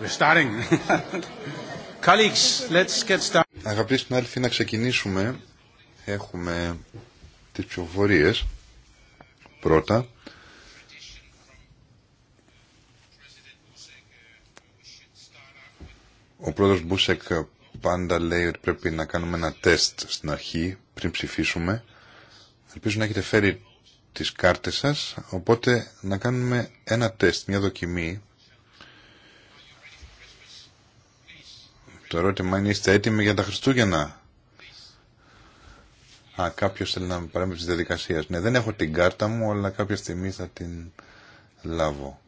Αγαπητοί συνάδελφοι, να ξεκινήσουμε. Έχουμε τις ψηφοφορίες. Πρώτα. Ο πρόεδρος Μπούσεκ πάντα λέει ότι πρέπει να κάνουμε ένα τεστ στην αρχή πριν ψηφίσουμε. Ελπίζω να έχετε φέρει τις κάρτες σας, οπότε να κάνουμε ένα τεστ, μια δοκιμή Το ερώτημα είναι είστε έτοιμοι για τα Χριστούγεννα. Α, κάποιο θέλει να με παρέμβει τη διαδικασία. Ναι, δεν έχω την κάρτα μου, αλλά κάποια στιγμή θα την λάβω.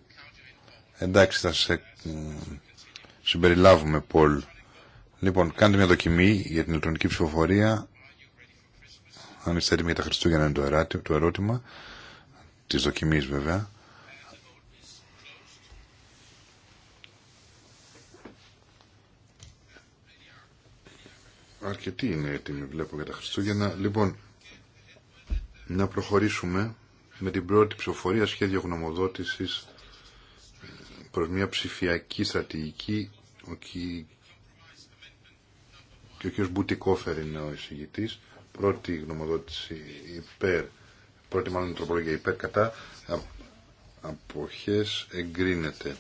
Εντάξει, θα σε συμπεριλάβουμε, Πολ. Λοιπόν, κάντε μια δοκιμή για την ηλεκτρονική ψηφοφορία. Αν είστε έτοιμοι για τα Χριστούγεννα είναι το ερώτημα. Τη δοκιμή βέβαια. Αρκετοί είναι έτοιμοι, βλέπω, για τα Χριστούγεννα. Λοιπόν, να προχωρήσουμε με την πρώτη ψηφοφορία σχέδιο γνωμοδότησης ε, προς μια ψηφιακή στρατηγική. Ο κ. Και ο κ. Μπουτικόφερ είναι ο εισηγητής. Πρώτη γνωμοδότηση υπέρ, πρώτη μάλλον τροπολογία υπέρ κατά αποχές εγκρίνεται.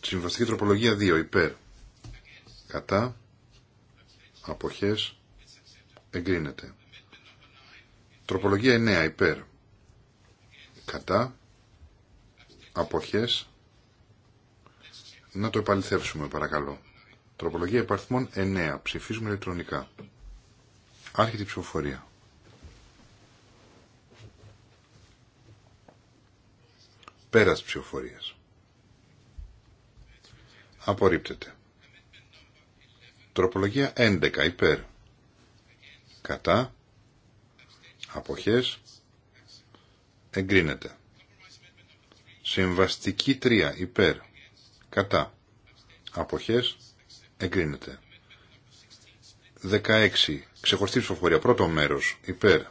Συμβαστική τροπολογία 2 υπέρ κατά αποχές εγκρίνεται. Τροπολογία 9 υπέρ κατά αποχές να το επαληθεύσουμε παρακαλώ. Τροπολογία υπαρθμών 9. Ψηφίζουμε ηλεκτρονικά. Άρχεται η ψηφοφορία. Πέρας ψηφοφορίας. Απορρίπτεται. Τροπολογία 11 υπέρ. Κατά. Αποχές. Εγκρίνεται. Συμβαστική 3 υπέρ. Κατά. Αποχές. Εγκρίνεται. 16. Ξεχωριστή ψηφοφορία. Πρώτο μέρος. Υπέρ.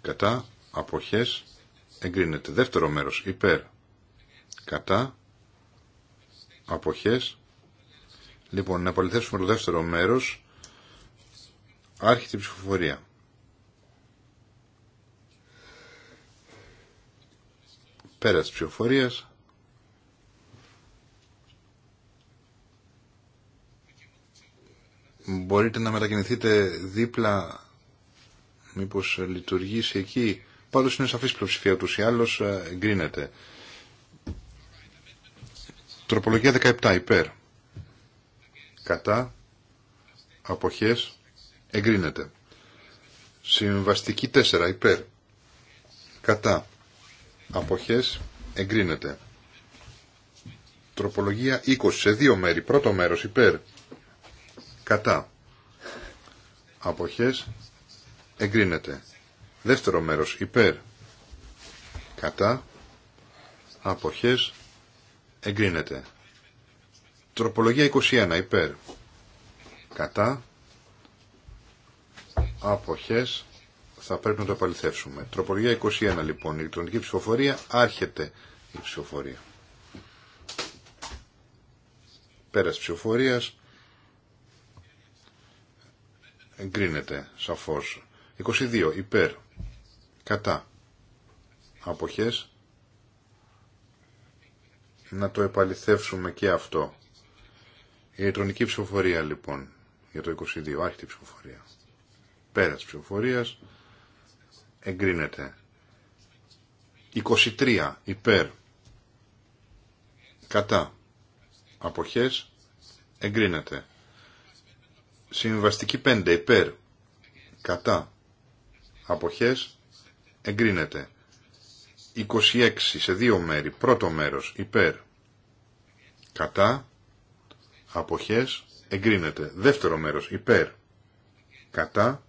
Κατά. Αποχές. Εγκρίνεται. Δεύτερο μέρος. Υπέρ. Κατά. Αποχές Λοιπόν, να απολυθέσουμε το δεύτερο μέρος. Άρχεται η ψηφοφορία. Πέρα της ψηφοφορίας. Μπορείτε να μετακινηθείτε δίπλα μήπως λειτουργήσει εκεί. Πάντως είναι σαφής πλειοψηφία τους, ή άλλος ε, εγκρίνεται. Τροπολογία 17 υπέρ κατά αποχές εγκρίνεται. Συμβαστική 4 υπέρ κατά αποχές εγκρίνεται. Τροπολογία 20 σε δύο μέρη. Πρώτο μέρος υπέρ κατά αποχές εγκρίνεται. Δεύτερο μέρος υπέρ κατά αποχές εγκρίνεται. Τροπολογία 21 υπέρ κατά αποχές θα πρέπει να το επαληθεύσουμε. Τροπολογία 21 λοιπόν, η ηλεκτρονική ψηφοφορία, άρχεται η ψηφοφορία. Πέρας ψηφοφορίας εγκρίνεται σαφώς. 22 υπέρ, κατά αποχές να το επαληθεύσουμε και αυτό. Η ηλεκτρονική ψηφοφορία λοιπόν για το 22. Άρχιτη ψηφοφορία. της ψηφοφορίας εγκρίνεται. 23 υπέρ κατά αποχές εγκρίνεται. Συμβαστική 5 υπέρ κατά αποχές εγκρίνεται. 26 σε δύο μέρη. Πρώτο μέρος υπέρ κατά αποχές εγκρίνεται. Δεύτερο μέρος υπέρ κατά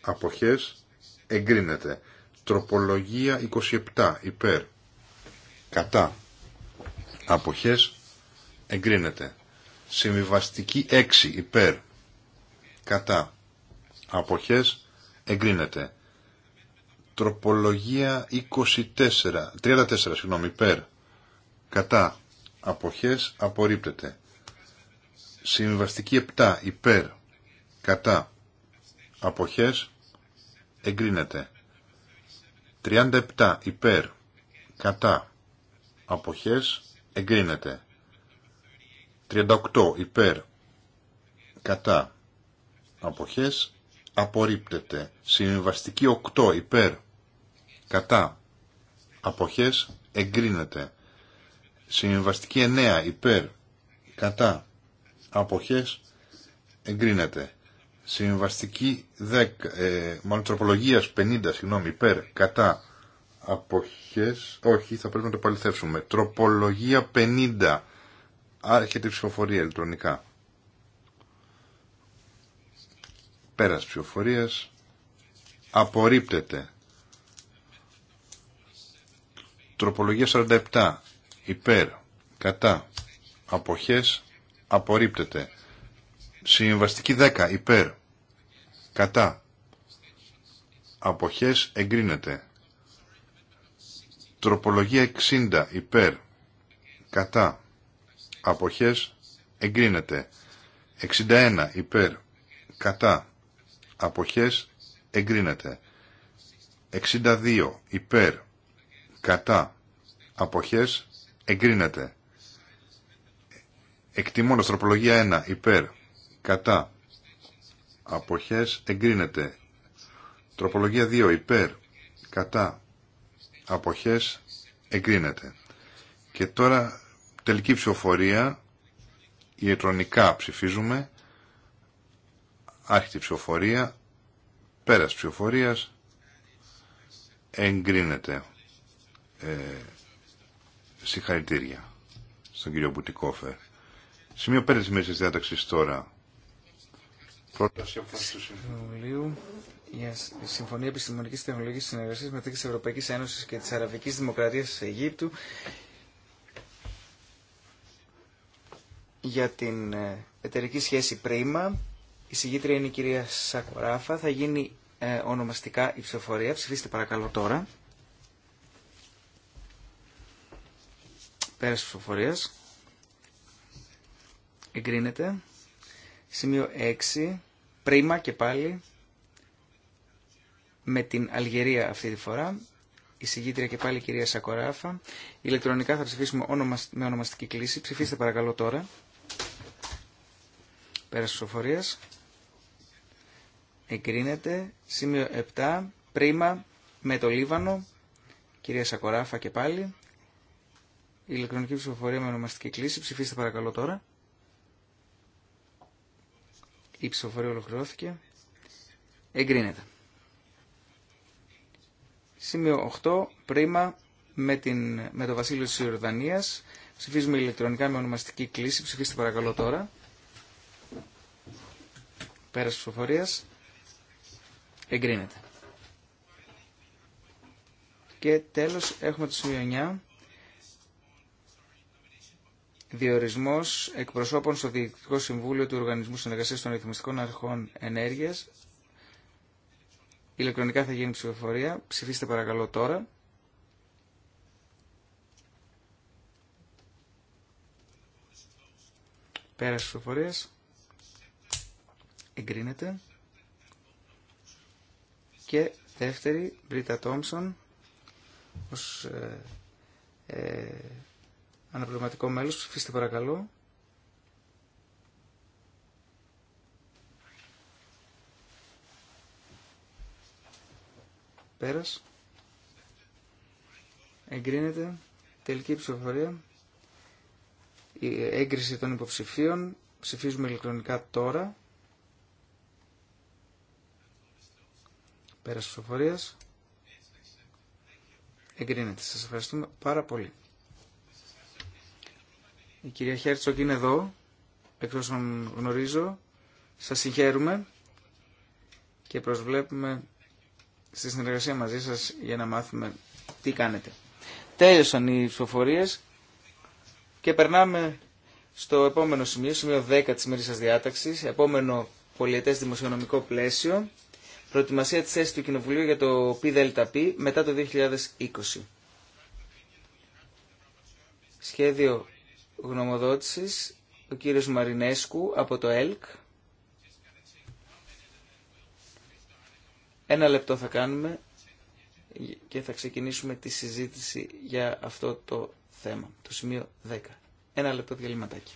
αποχές εγκρίνεται. Τροπολογία 27 υπέρ κατά αποχές εγκρίνεται. Συμβιβαστική 6 υπέρ κατά αποχές εγκρίνεται. Τροπολογία 24, 34 συγγνώμη, υπέρ, κατά, αποχές, απορρίπτεται. Συμβαστική 7 υπέρ κατά αποχές εγκρίνεται. 37 υπέρ κατά αποχές εγκρίνεται. 38 υπέρ κατά αποχές απορρίπτεται. Συμβαστική 8 υπέρ κατά αποχές εγκρίνεται. Συμβαστική 9 υπέρ κατά αποχές εγκρίνεται. Συμβαστική 10, ε, μάλλον 50, συγγνώμη, υπέρ, κατά, αποχές, όχι, θα πρέπει να το παληθεύσουμε. Τροπολογία 50, άρχεται η ψηφοφορία ηλεκτρονικά. Πέρας ψηφοφορίας, απορρίπτεται. Τροπολογία 47, υπέρ, κατά, αποχές, απορρίπτεται. Συμβαστική 10 υπέρ. Κατά. Αποχές εγκρίνεται. Τροπολογία 60 υπέρ. Κατά. Αποχές εγκρίνεται. 61 υπέρ. Κατά. Αποχές εγκρίνεται. 62 υπέρ. Κατά. Αποχές εγκρίνεται. Εκτιμώντας τροπολογία 1 υπέρ κατά αποχές εγκρίνεται. Τροπολογία 2 υπέρ κατά αποχές εγκρίνεται. Και τώρα τελική ψηφοφορία ηλεκτρονικά ψηφίζουμε. Άρχιτη ψηφοφορία, πέρας ψηφοφορίας, εγκρίνεται. Ε, συγχαρητήρια στον κύριο Μπουτικόφερ. Σημείο 5 της μέσης διάταξης τώρα. Πρόταση του Συμφωνία Επιστημονικής και Τεχνολογικής Συνεργασίας μεταξύ τη Ευρωπαϊκή Ένωσης και τη Αραβική Δημοκρατία της Αιγύπτου για την ε, εταιρική σχέση πρίμα. Η συγγήτρια είναι η κυρία Σακοράφα. Θα γίνει ε, ονομαστικά η ψηφοφορία. Ψηφίστε παρακαλώ τώρα. Πέρας ψηφοφορίας εγκρίνεται. Σημείο 6, πρίμα και πάλι, με την Αλγερία αυτή τη φορά. Η συγγήτρια και πάλι η κυρία Σακοράφα. Ηλεκτρονικά θα ψηφίσουμε με ονομαστική κλίση. Ψηφίστε παρακαλώ τώρα. Πέρας οφορίες. Εγκρίνεται. Σημείο 7. Πρίμα με το Λίβανο. Κυρία Σακοράφα και πάλι. Ηλεκτρονική ψηφοφορία με ονομαστική κλίση. Ψηφίστε παρακαλώ τώρα. Η ψηφοφορία ολοκληρώθηκε. Εγκρίνεται. Σημείο 8. Πρίμα με, την, με το Βασίλειο της Ιορδανίας. Ψηφίζουμε ηλεκτρονικά με ονομαστική κλίση. Ψηφίστε παρακαλώ τώρα. Πέρας ψηφοφορίας. Εγκρίνεται. Και τέλος έχουμε το σημείο 9. Διορισμό εκπροσώπων στο Διοικητικό Συμβούλιο του Οργανισμού Συνεργασία των Ρυθμιστικών Αρχών Ενέργεια. Ηλεκτρονικά θα γίνει ψηφοφορία. Ψηφίστε παρακαλώ τώρα. Πέρασε ψηφοφορία. Εγκρίνεται. Και δεύτερη, Μπρίτα Τόμψον, ως ε, ε Αναπληρωματικό μέλος, ψηφίστε παρακαλώ. Πέρας. Εγκρίνεται. Τελική ψηφοφορία. Η έγκριση των υποψηφίων. Ψηφίζουμε ηλεκτρονικά τώρα. Πέρας ψηφοφορίας. Εγκρίνεται. Σας ευχαριστούμε πάρα πολύ. Η κυρία Χέρτσοκ είναι εδώ, εκτό γνωρίζω. Σας συγχαίρουμε και προσβλέπουμε στη συνεργασία μαζί σας για να μάθουμε τι κάνετε. Τέλειωσαν οι ψηφοφορίες και περνάμε στο επόμενο σημείο, σημείο 10 της μέρης σας διάταξης, επόμενο πολιετές δημοσιονομικό πλαίσιο, προετοιμασία της θέση του Κοινοβουλίου για το ΠΔΠ μετά το 2020. Σχέδιο γνωμοδότησης ο κύριος Μαρινέσκου από το ΕΛΚ. Ένα λεπτό θα κάνουμε και θα ξεκινήσουμε τη συζήτηση για αυτό το θέμα, το σημείο 10. Ένα λεπτό διαλυματάκι.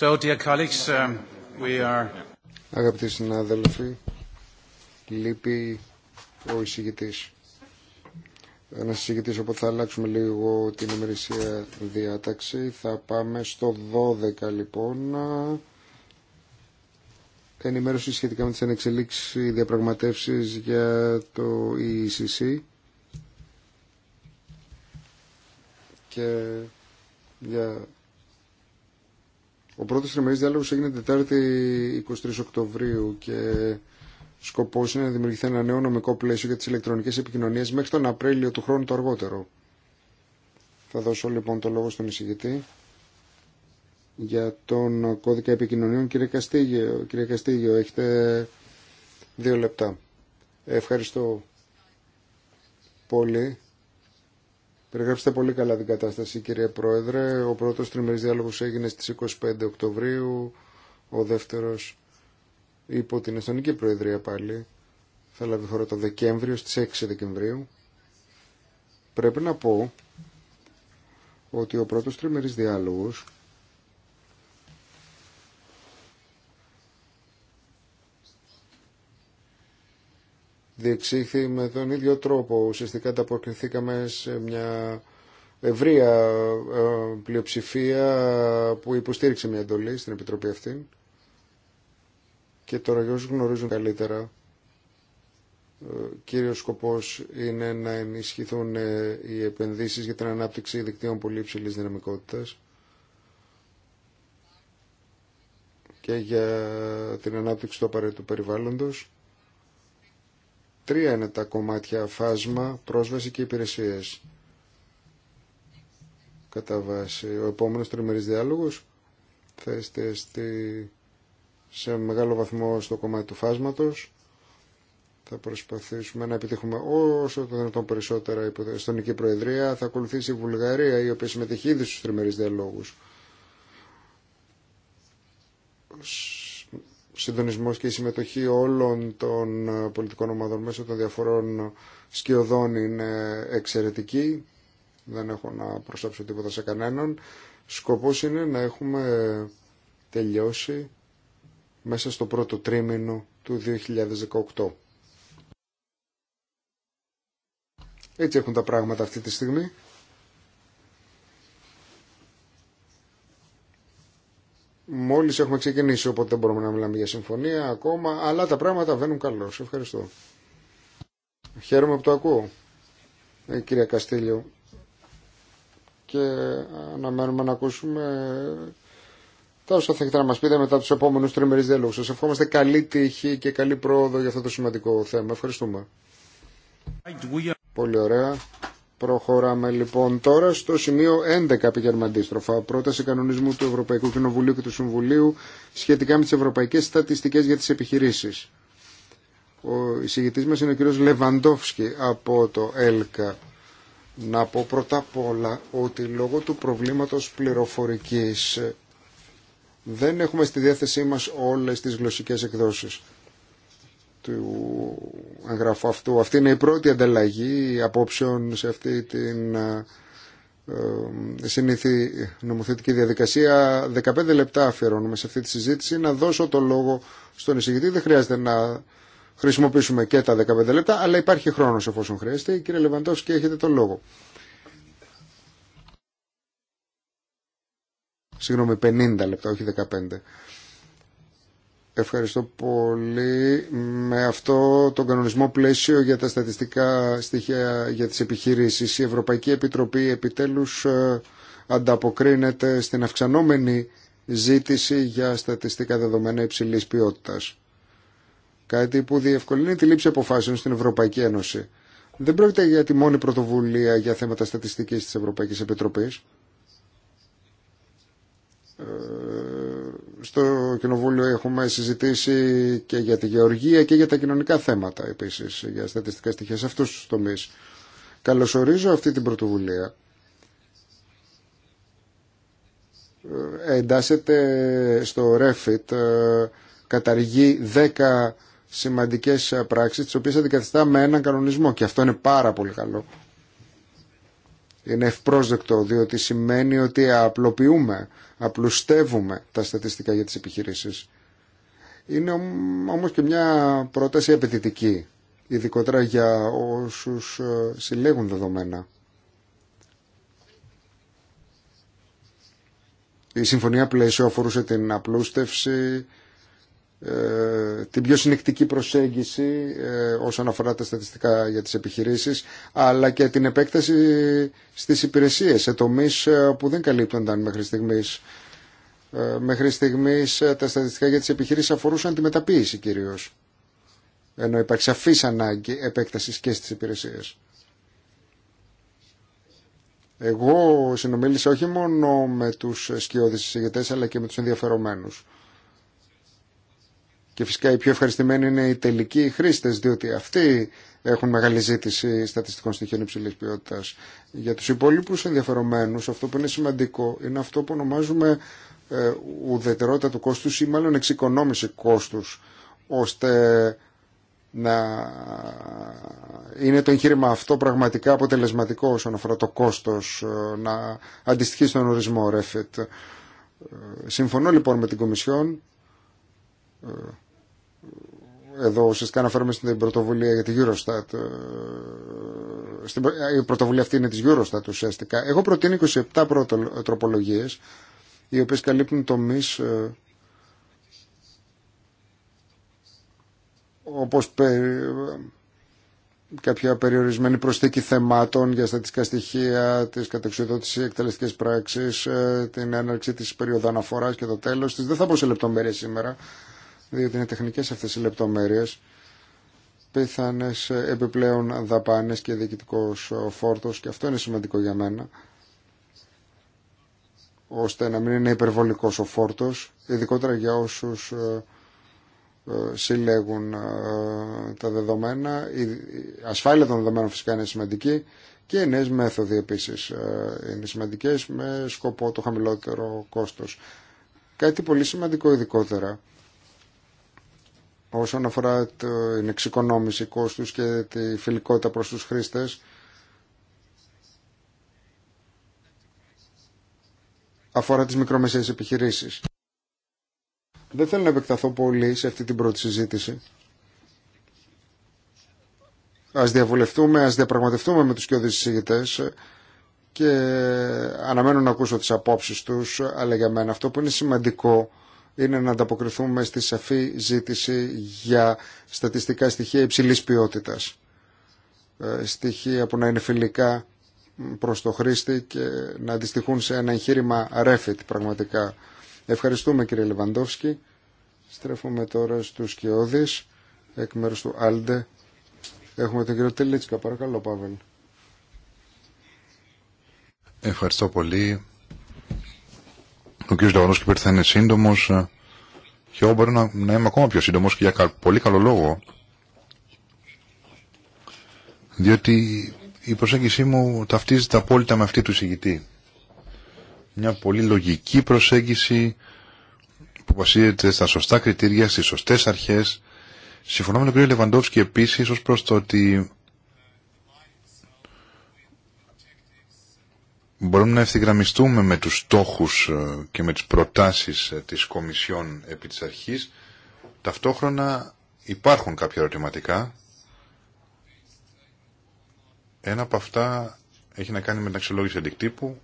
Um, Αγαπητοί συνάδελφοι, λείπει ο εισηγητή. Ένα εισηγητή, οπότε θα αλλάξουμε λίγο την ημερησία διάταξη. Θα πάμε στο 12 λοιπόν. Ενημέρωση σχετικά με τι ανεξελίξει διαπραγματεύσει για το EECC. Και για ο πρώτος τριμερή διάλογος έγινε την Τετάρτη 23 Οκτωβρίου και σκοπός είναι να δημιουργηθεί ένα νέο νομικό πλαίσιο για τις ηλεκτρονικές επικοινωνίες μέχρι τον Απρίλιο του χρόνου το αργότερο. Θα δώσω λοιπόν το λόγο στον εισηγητή για τον κώδικα επικοινωνιών. Κύριε Καστίγιο, κύριε Καστίγιο έχετε δύο λεπτά. Ευχαριστώ πολύ. Περιγράψτε πολύ καλά την κατάσταση κύριε Πρόεδρε. Ο πρώτος τριμερής διάλογος έγινε στις 25 Οκτωβρίου, ο δεύτερος υπό την Εστονική Προεδρία πάλι. Θα λάβει χώρα το Δεκέμβριο, στις 6 Δεκεμβρίου. Πρέπει να πω ότι ο πρώτος τριμερής διάλογος διεξήχθη με τον ίδιο τρόπο. Ουσιαστικά ανταποκριθήκαμε σε μια ευρεία ε, πλειοψηφία που υποστήριξε μια εντολή στην Επιτροπή αυτή. Και τώρα για όσους γνωρίζουν καλύτερα, ε, κύριος σκοπός είναι να ενισχυθούν ε, οι επενδύσεις για την ανάπτυξη δικτύων πολύ υψηλή δυναμικότητας και για την ανάπτυξη του απαραίτητου περιβάλλοντος Τρία είναι τα κομμάτια φάσμα, πρόσβαση και υπηρεσίες. Κατά βάση. Ο επόμενος τριμερής διάλογος θα είστε στη... σε μεγάλο βαθμό στο κομμάτι του φάσματος. Θα προσπαθήσουμε να επιτύχουμε όσο το δυνατόν περισσότερα υπό την Εστονική Προεδρία. Θα ακολουθήσει η Βουλγαρία, η οποία συμμετέχει ήδη στους τριμερείς διαλόγους συντονισμός και η συμμετοχή όλων των ε, πολιτικών ομάδων μέσω των διαφορών σκιωδών είναι εξαιρετική. Δεν έχω να προσέψω τίποτα σε κανέναν. Σκοπός είναι να έχουμε τελειώσει μέσα στο πρώτο τρίμηνο του 2018. Έτσι έχουν τα πράγματα αυτή τη στιγμή. Μόλις έχουμε ξεκινήσει, οπότε δεν μπορούμε να μιλάμε για συμφωνία ακόμα, αλλά τα πράγματα βαίνουν καλώ. Ευχαριστώ. Χαίρομαι που το ακούω, ε, κυρία Καστήλιο. Και αναμένουμε να ακούσουμε τα όσα θα έχετε να μας πείτε μετά τους επόμενους τριμερείς διαλόγους. Σας ευχόμαστε καλή τύχη και καλή πρόοδο για αυτό το σημαντικό θέμα. Ευχαριστούμε. Πολύ ωραία. Προχωράμε λοιπόν τώρα στο σημείο 11 πηγαίνουμε αντίστροφα. Πρόταση κανονισμού του Ευρωπαϊκού Κοινοβουλίου και του Συμβουλίου σχετικά με τι ευρωπαϊκέ στατιστικέ για τι επιχειρήσει. Ο εισηγητή μα είναι ο κ. Λεβαντόφσκι από το ΕΛΚΑ. Να πω πρώτα απ' όλα ότι λόγω του προβλήματος πληροφορική δεν έχουμε στη διάθεσή μας όλες τις γλωσσικές εκδόσεις του εγγραφού αυτού. Αυτή είναι η πρώτη ανταλλαγή απόψεων σε αυτή την ε, ε, συνήθι νομοθετική διαδικασία. 15 λεπτά αφιερώνουμε σε αυτή τη συζήτηση να δώσω το λόγο στον εισηγητή. Δεν χρειάζεται να χρησιμοποιήσουμε και τα 15 λεπτά, αλλά υπάρχει χρόνος εφόσον χρειάζεται. Κύριε Λεβαντός και έχετε το λόγο. Συγγνώμη, 50 λεπτά, όχι 15. Ευχαριστώ πολύ. Με αυτό τον κανονισμό πλαίσιο για τα στατιστικά στοιχεία για τις επιχειρήσεις, η Ευρωπαϊκή Επιτροπή επιτέλους ε, ανταποκρίνεται στην αυξανόμενη ζήτηση για στατιστικά δεδομένα υψηλής ποιότητας. Κάτι που διευκολύνει τη λήψη αποφάσεων στην Ευρωπαϊκή Ένωση. Δεν πρόκειται για τη μόνη πρωτοβουλία για θέματα στατιστικής της Ευρωπαϊκής Επιτροπής ε, στο Κοινοβούλιο έχουμε συζητήσει και για τη γεωργία και για τα κοινωνικά θέματα επίσης, για στατιστικά στοιχεία σε αυτούς τους τομείς. Καλωσορίζω αυτή την πρωτοβουλία. Ε, εντάσσεται στο REFIT, ε, καταργεί 10 σημαντικές πράξεις, τις οποίες αντικαθιστά με έναν κανονισμό και αυτό είναι πάρα πολύ καλό είναι ευπρόσδεκτο διότι σημαίνει ότι απλοποιούμε, απλουστεύουμε τα στατιστικά για τις επιχειρήσεις. Είναι όμως και μια πρόταση απαιτητική, ειδικότερα για όσους ε, συλλέγουν δεδομένα. Η συμφωνία πλαίσιο αφορούσε την απλούστευση, ε, την πιο συνεκτική προσέγγιση ε, όσον αφορά τα στατιστικά για τις επιχειρήσεις αλλά και την επέκταση στις υπηρεσίες σε τομείς ε, που δεν καλύπτονταν μέχρι στιγμής. Μέχρι στιγμής τα στατιστικά για τις επιχειρήσεις αφορούσαν τη μεταποίηση κυρίως ενώ υπάρχει σαφής ανάγκη επέκτασης και στις υπηρεσίες. Εγώ συνομίλησα όχι μόνο με τους σκιώδεις συζητητές αλλά και με τους ενδιαφερομένους. Και φυσικά οι πιο ευχαριστημένοι είναι οι τελικοί χρήστε, διότι αυτοί έχουν μεγάλη ζήτηση στατιστικών στοιχείων υψηλή ποιότητα. Για του υπόλοιπου ενδιαφερομένου, αυτό που είναι σημαντικό είναι αυτό που ονομάζουμε ε, ουδετερότητα του κόστου ή μάλλον εξοικονόμηση κόστου, ώστε να είναι το εγχείρημα αυτό πραγματικά αποτελεσματικό όσον αφορά το κόστος ε, να αντιστοιχεί στον ορισμό REFIT. Ε, συμφωνώ λοιπόν με την Κομισιόν ε, εδώ ουσιαστικά αναφέρομαι στην πρωτοβουλία για τη Eurostat. Ε, στην, ε, η πρωτοβουλία αυτή είναι της Eurostat ουσιαστικά. Εγώ προτείνω 27 πρωτο, τροπολογίες οι οποίες καλύπτουν τομεί. όπως κάποια περιορισμένη προσθήκη θεμάτων για στατιστικά στοιχεία, της κατεξοδότηση εκτελεστικές πράξεις, την έναρξη της περίοδου αναφοράς και το τέλος της. Δεν θα πω σε λεπτομέρειες σήμερα, διότι είναι τεχνικές αυτές οι λεπτομέρειες, πιθανές επιπλέον δαπάνες και διοικητικός φόρτος και αυτό είναι σημαντικό για μένα ώστε να μην είναι υπερβολικός ο φόρτος, ειδικότερα για όσους ε, ε, συλλέγουν ε, τα δεδομένα. Η ασφάλεια των δεδομένων φυσικά είναι σημαντική και οι νέες μέθοδοι επίσης είναι σημαντικές με σκοπό το χαμηλότερο κόστος. Κάτι πολύ σημαντικό ειδικότερα όσον αφορά την εξοικονόμηση κόστους και τη φιλικότητα προς τους χρήστες. αφορά τις μικρομεσαίες επιχειρήσεις. Δεν θέλω να επεκταθώ πολύ σε αυτή την πρώτη συζήτηση. Ας διαβουλευτούμε, ας διαπραγματευτούμε με τους κοιόδης συζητητές και αναμένω να ακούσω τις απόψεις τους, αλλά για μένα αυτό που είναι σημαντικό είναι να ανταποκριθούμε στη σαφή ζήτηση για στατιστικά στοιχεία υψηλής ποιότητας. Ε, στοιχεία που να είναι φιλικά προς το χρήστη και να αντιστοιχούν σε ένα εγχείρημα ρέφιτ πραγματικά. Ευχαριστούμε κύριε Λεβαντόφσκι. Στρέφουμε τώρα στους Κιώδης, εκ μέρους του Άλντε. Έχουμε τον κύριο Τελίτσκα. Παρακαλώ, Παύλ. Ευχαριστώ πολύ. Ο κ. Σταυρός Κυπέρ θα είναι σύντομο ε, και εγώ μπορώ να, να είμαι ακόμα πιο σύντομο και για πολύ καλό λόγο. Διότι η προσέγγιση μου ταυτίζεται απόλυτα με αυτή του εισηγητή. Μια πολύ λογική προσέγγιση που βασίζεται στα σωστά κριτήρια, στις σωστές αρχές. Συμφωνώ με τον κ. Λεβαντόφσκι επίση ω προς το ότι μπορούμε να ευθυγραμμιστούμε με τους στόχους ε, και με τις προτάσεις ε, της Κομισιόν επί της αρχής. Ταυτόχρονα υπάρχουν κάποια ερωτηματικά. Ένα από αυτά έχει να κάνει με την αξιολόγηση αντικτύπου.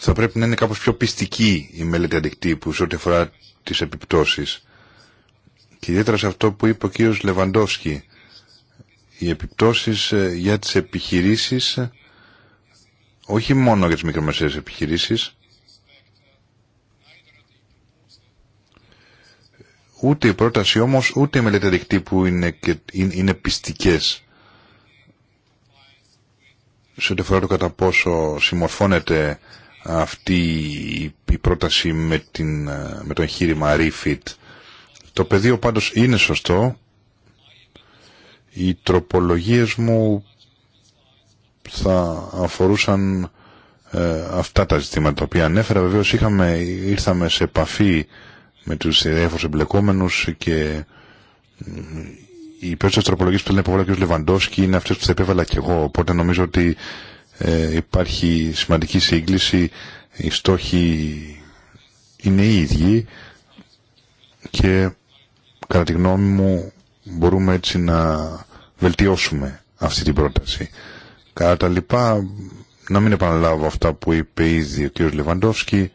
Θα πρέπει να είναι κάπως πιο πιστική η μελέτη αντικτύπου σε ό,τι αφορά τις επιπτώσεις. Και ιδιαίτερα σε αυτό που είπε ο κ. Λεβαντόφσκι οι επιπτώσεις ε, για τις επιχειρήσεις όχι μόνο για τις μικρομεσαίες επιχειρήσεις ούτε η πρόταση όμως ούτε η μελέτη που είναι, είναι πιστικές σε ό,τι αφορά το κατά πόσο συμμορφώνεται αυτή η πρόταση με, την, ε, με το εγχείρημα Refit. Το πεδίο πάντως είναι σωστό οι τροπολογίες μου θα αφορούσαν ε, αυτά τα ζητήματα τα οποία ανέφερα. Βεβαίως είχαμε, ήρθαμε σε επαφή με τους διάφορους εμπλεκόμενους και οι περισσότερε τροπολογίε που θέλει να υποβάλει ο κ. Λεβαντόσκι είναι αυτές που θα επέβαλα και εγώ. Οπότε νομίζω ότι ε, υπάρχει σημαντική σύγκληση. Οι στόχοι είναι οι ίδιοι και κατά τη γνώμη μου μπορούμε έτσι να βελτιώσουμε αυτή την πρόταση. Κατά τα λοιπά, να μην επαναλάβω αυτά που είπε ήδη ο κ. Λεβαντόφσκι,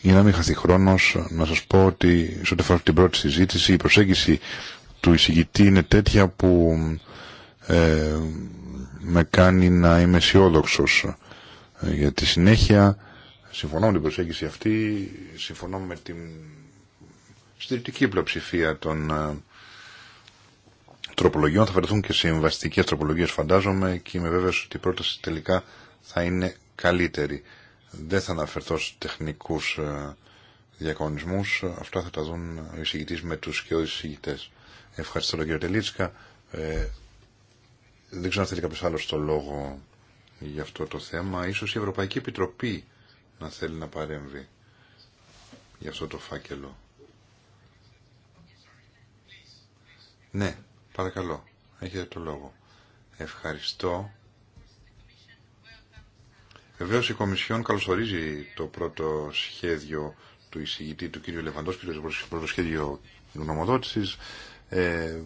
για να μην χαθεί χρόνο να σα πω ότι σε ό,τι αφορά την πρώτη συζήτηση, η προσέγγιση του εισηγητή είναι τέτοια που ε, με κάνει να είμαι αισιόδοξο ε, για τη συνέχεια. Συμφωνώ με την προσέγγιση αυτή, συμφωνώ με την συντηρητική πλειοψηφία των ε, τροπολογιών, θα βρεθούν και συμβαστικέ τροπολογίε φαντάζομαι και είμαι βέβαιο ότι η πρόταση τελικά θα είναι καλύτερη. Δεν θα αναφερθώ στου τεχνικού ε, διακονισμού. Αυτά θα τα δουν οι εισηγητή με του και οι εισηγητέ. Ευχαριστώ τον κύριο Τελίτσκα. Ε, δεν ξέρω αν θέλει κάποιο άλλο το λόγο για αυτό το θέμα. Ίσως η Ευρωπαϊκή Επιτροπή να θέλει να παρέμβει για αυτό το φάκελο. Ναι, Παρακαλώ, έχετε το λόγο. Ευχαριστώ. Βεβαίω η Κομισιόν καλωσορίζει το πρώτο σχέδιο του εισηγητή του κ. και το πρώτο σχέδιο γνωμοδότηση. Ε,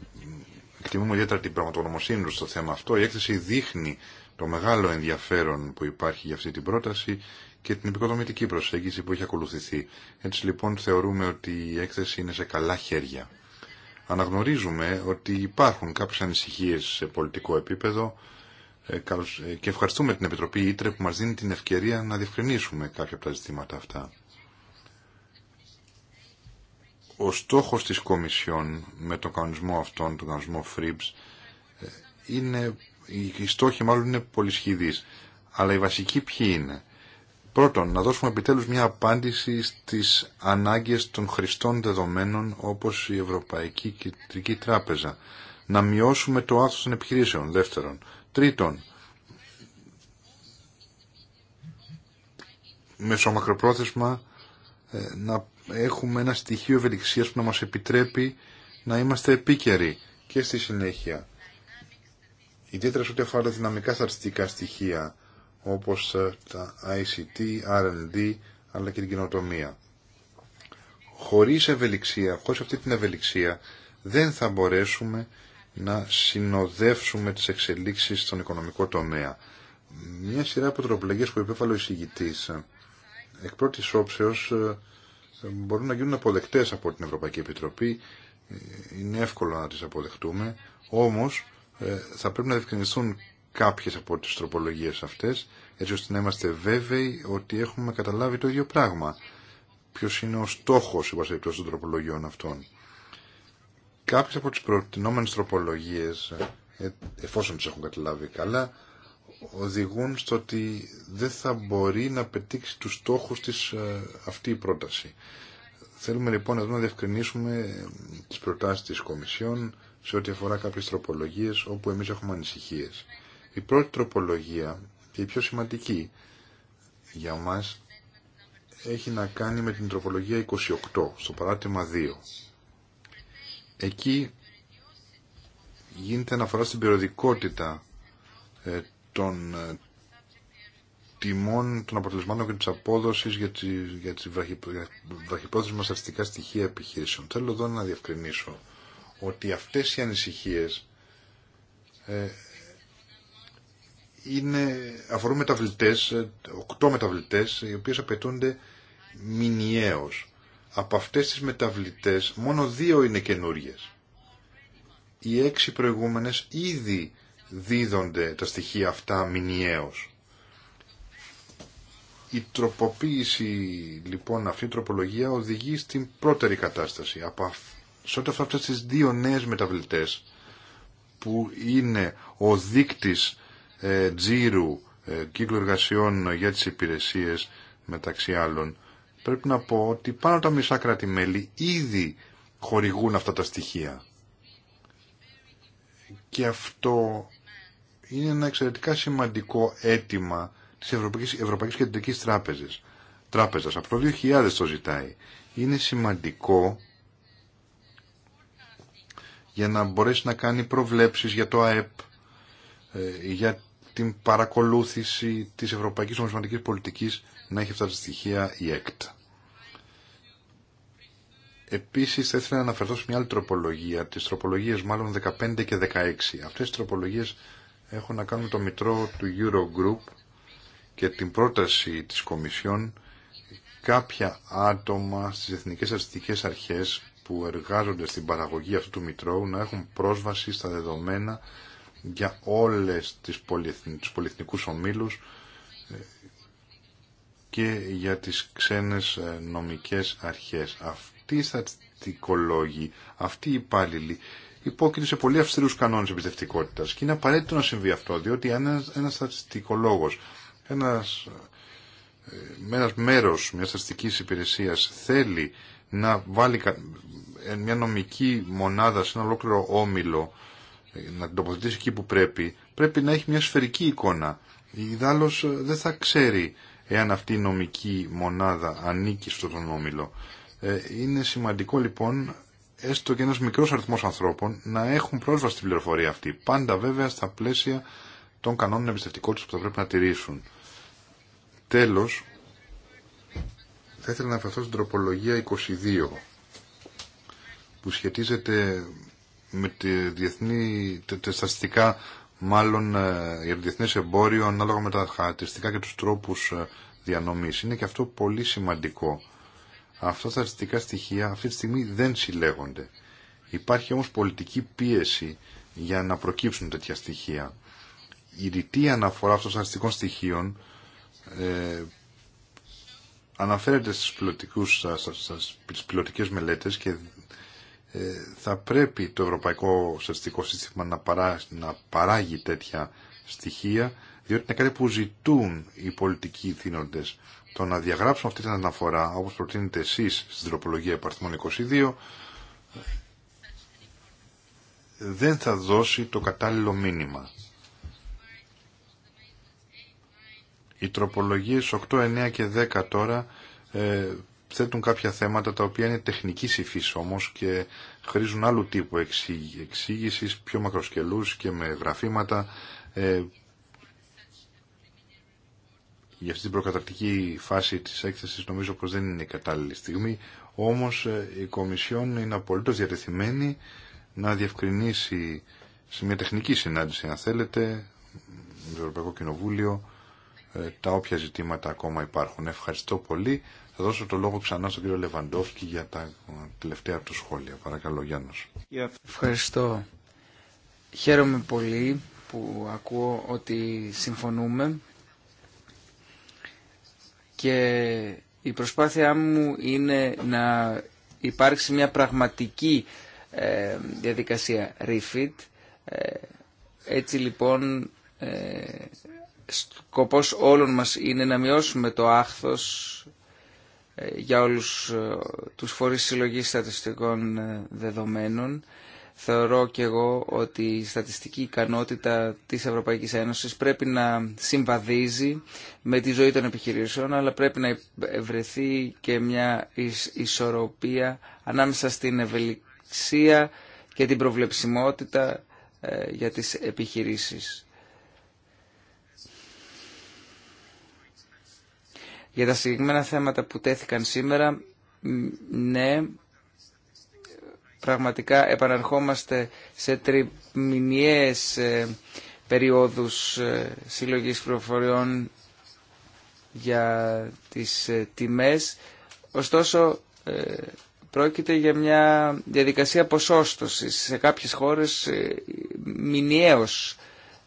εκτιμούμε ιδιαίτερα την πραγματογνωμοσύνη του στο θέμα αυτό. Η έκθεση δείχνει το μεγάλο ενδιαφέρον που υπάρχει για αυτή την πρόταση και την επικοδομητική προσέγγιση που έχει ακολουθηθεί. Έτσι λοιπόν θεωρούμε ότι η έκθεση είναι σε καλά χέρια αναγνωρίζουμε ότι υπάρχουν κάποιες ανησυχίες σε πολιτικό επίπεδο ε, ε, και ευχαριστούμε την Επιτροπή Ήτρε που μας δίνει την ευκαιρία να διευκρινίσουμε κάποια από τα ζητήματα αυτά. Ο στόχος της Κομισιόν με τον κανονισμό αυτόν, τον κανονισμό FRIPS, ε, είναι, οι στόχοι μάλλον είναι πολυσχηδείς, αλλά οι βασικοί ποιοι είναι. Πρώτον, να δώσουμε επιτέλους μια απάντηση στις ανάγκες των χρηστών δεδομένων όπως η Ευρωπαϊκή Κεντρική Τράπεζα. Να μειώσουμε το άθος των επιχειρήσεων. Δεύτερον. Τρίτον, μεσομακροπρόθεσμα ε, να έχουμε ένα στοιχείο ευελιξίας που να μας επιτρέπει να είμαστε επίκαιροι και στη συνέχεια. Ιδιαίτερα σε ό,τι αφορά δυναμικά στατιστικά στοιχεία όπως ε, τα ICT, R&D, αλλά και την κοινοτομία. Χωρίς ευελιξία, χωρίς αυτή την ευελιξία, δεν θα μπορέσουμε να συνοδεύσουμε τις εξελίξεις στον οικονομικό τομέα. Μια σειρά από τροπολογίες που υπέφαλε ο εισηγητής, ε, εκ πρώτης όψεως, ε, μπορούν να γίνουν αποδεκτές από την Ευρωπαϊκή Επιτροπή, είναι εύκολο να τις αποδεχτούμε, όμως θα πρέπει να διευκρινιστούν κάποιες από τις τροπολογίες αυτές, έτσι ώστε να είμαστε βέβαιοι ότι έχουμε καταλάβει το ίδιο πράγμα. Ποιος είναι ο στόχος, είπα των τροπολογιών αυτών. Κάποιες από τις προτινόμενες τροπολογίες, ε, εφόσον τις έχουν καταλάβει καλά, οδηγούν στο ότι δεν θα μπορεί να πετύξει τους στόχους τη ε, αυτή η πρόταση. Θέλουμε λοιπόν εδώ να διευκρινίσουμε ε, τις προτάσεις της Κομισιόν σε ό,τι αφορά κάποιες τροπολογίες όπου εμείς έχουμε ανησυχίες. Η πρώτη τροπολογία και η πιο σημαντική για μας έχει να κάνει με την τροπολογία 28 στο παράτημα 2. Εκεί γίνεται αναφορά στην περιοδικότητα ε, των ε, τιμών των αποτελεσμάτων και της απόδοσης για τις, για τις μας στατιστικά στοιχεία επιχειρήσεων. Θέλω εδώ να διευκρινίσω ότι αυτές οι ανησυχίες ε, είναι, αφορούν μεταβλητές, ε, οκτώ μεταβλητές, οι οποίες απαιτούνται μηνιαίως. Από αυτές τις μεταβλητές μόνο δύο είναι καινούριε. Οι έξι προηγούμενες ήδη δίδονται τα στοιχεία αυτά μηνιαίως. Η τροποποίηση λοιπόν αυτή η τροπολογία οδηγεί στην πρώτερη κατάσταση. Από σε ό,τι αυτές τις δύο νέες μεταβλητές που είναι ο δείκτης ε, τζίρου, ε, κύκλου εργασιών για τις υπηρεσίες μεταξύ άλλων, πρέπει να πω ότι πάνω τα μισά κράτη-μέλη ήδη χορηγούν αυτά τα στοιχεία. Και αυτό είναι ένα εξαιρετικά σημαντικό αίτημα της Ευρωπαϊκής, Ευρωπαϊκής Κεντρικής Τράπεζας. Τράπεζας. Από το 2000 το ζητάει. Είναι σημαντικό για να μπορέσει να κάνει προβλέψεις για το ΑΕΠ, ε, για την παρακολούθηση της Ευρωπαϊκής νομισματικής Πολιτικής να έχει αυτά τα στοιχεία η ΕΚΤ. Επίσης θα ήθελα να αναφερθώ σε μια άλλη τροπολογία, τις τροπολογίες μάλλον 15 και 16. Αυτές οι τροπολογίες έχουν να κάνουν το μητρό του Eurogroup και την πρόταση της Κομισιόν κάποια άτομα στις Εθνικές Αστικές Αρχές που εργάζονται στην παραγωγή αυτού του μητρώου να έχουν πρόσβαση στα δεδομένα για όλες τις πολυεθνικούς, πολυεθνικούς ομίλους ε, και για τις ξένες ε, νομικές αρχές. Αυτοί οι στατιστικολόγοι, αυτή η υπάλληλοι υπόκειται σε πολύ αυστηρούς κανόνες εμπιστευτικότητας και είναι απαραίτητο να συμβεί αυτό, διότι ένας, ένας στατιστικολόγος, ένας, ε, ένας μέρος μιας στατιστικής υπηρεσίας θέλει να βάλει μια νομική μονάδα σε ένα ολόκληρο όμιλο να την τοποθετήσει εκεί που πρέπει, πρέπει να έχει μια σφαιρική εικόνα. Ιδάλλως ε, δεν θα ξέρει εάν αυτή η νομική μονάδα ανήκει στον τον όμιλο. Ε, είναι σημαντικό λοιπόν έστω και ένα μικρό αριθμό ανθρώπων να έχουν πρόσβαση στην πληροφορία αυτή. Πάντα βέβαια στα πλαίσια των κανόνων εμπιστευτικότητας που θα πρέπει να τηρήσουν. Τέλο, θα ήθελα να αφαιρθώ στην τροπολογία 22 που σχετίζεται με τη διεθνή, τα στατιστικά μάλλον ε, για το διεθνές εμπόριο ανάλογα με τα χαρακτηριστικά και τους τρόπους ε, διανομής. Είναι και αυτό πολύ σημαντικό. Αυτά τα στατιστικά στοιχεία αυτή τη στιγμή δεν συλλέγονται. Υπάρχει όμως πολιτική πίεση για να προκύψουν τέτοια στοιχεία. Η ρητή αναφορά αυτών των στατιστικών στοιχείων ε, αναφέρεται στις, ε, στις πιλωτικές μελέτες και ε, θα πρέπει το Ευρωπαϊκό Στατιστικό Σύστημα να, παράγει τέτοια στοιχεία, διότι είναι κάτι που ζητούν οι πολιτικοί θύνοντες. Το να διαγράψουν αυτή την αναφορά, όπως προτείνετε εσείς στην τροπολογία επαρθμών 22, δεν θα δώσει το κατάλληλο μήνυμα. Οι τροπολογίες 8, 9 και 10 τώρα ε, θέτουν κάποια θέματα τα οποία είναι τεχνικής υφής όμως και χρήζουν άλλου τύπου εξήγηση, πιο μακροσκελού και με γραφήματα. Ε, για αυτή την προκαταρκτική φάση της έκθεσης νομίζω πως δεν είναι η κατάλληλη στιγμή, όμως ε, η Κομισιόν είναι απολύτως διατεθειμένη να διευκρινίσει σε μια τεχνική συνάντηση, αν θέλετε, με το Ευρωπαϊκό Κοινοβούλιο, ε, τα όποια ζητήματα ακόμα υπάρχουν. Ευχαριστώ πολύ. Θα δώσω το λόγο ξανά στον κύριο Λεβαντόφσκι για τα ε, τελευταία του σχόλια. Παρακαλώ, Γιάννος. Ευχαριστώ. Χαίρομαι πολύ που ακούω ότι συμφωνούμε και η προσπάθειά μου είναι να υπάρξει μια πραγματική ε, διαδικασία refit. Ε, έτσι λοιπόν σκοπός όλων μας είναι να μειώσουμε το άχθος για όλους ε, τους φορείς συλλογής στατιστικών ε, δεδομένων. Θεωρώ και εγώ ότι η στατιστική ικανότητα της Ευρωπαϊκής Ένωσης πρέπει να συμβαδίζει με τη ζωή των επιχειρήσεων, αλλά πρέπει να βρεθεί και μια ισορροπία ανάμεσα στην ευελιξία και την προβλεψιμότητα ε, για τις επιχειρήσεις. Για τα συγκεκριμένα θέματα που τέθηκαν σήμερα, ναι, πραγματικά επαναρχόμαστε σε τριμηνιές ε, περιόδους ε, συλλογής πληροφοριών για τις ε, τιμές. Ωστόσο, πρόκειται για μια διαδικασία ποσόστοσης. Σε κάποιες χώρες μηνιαίως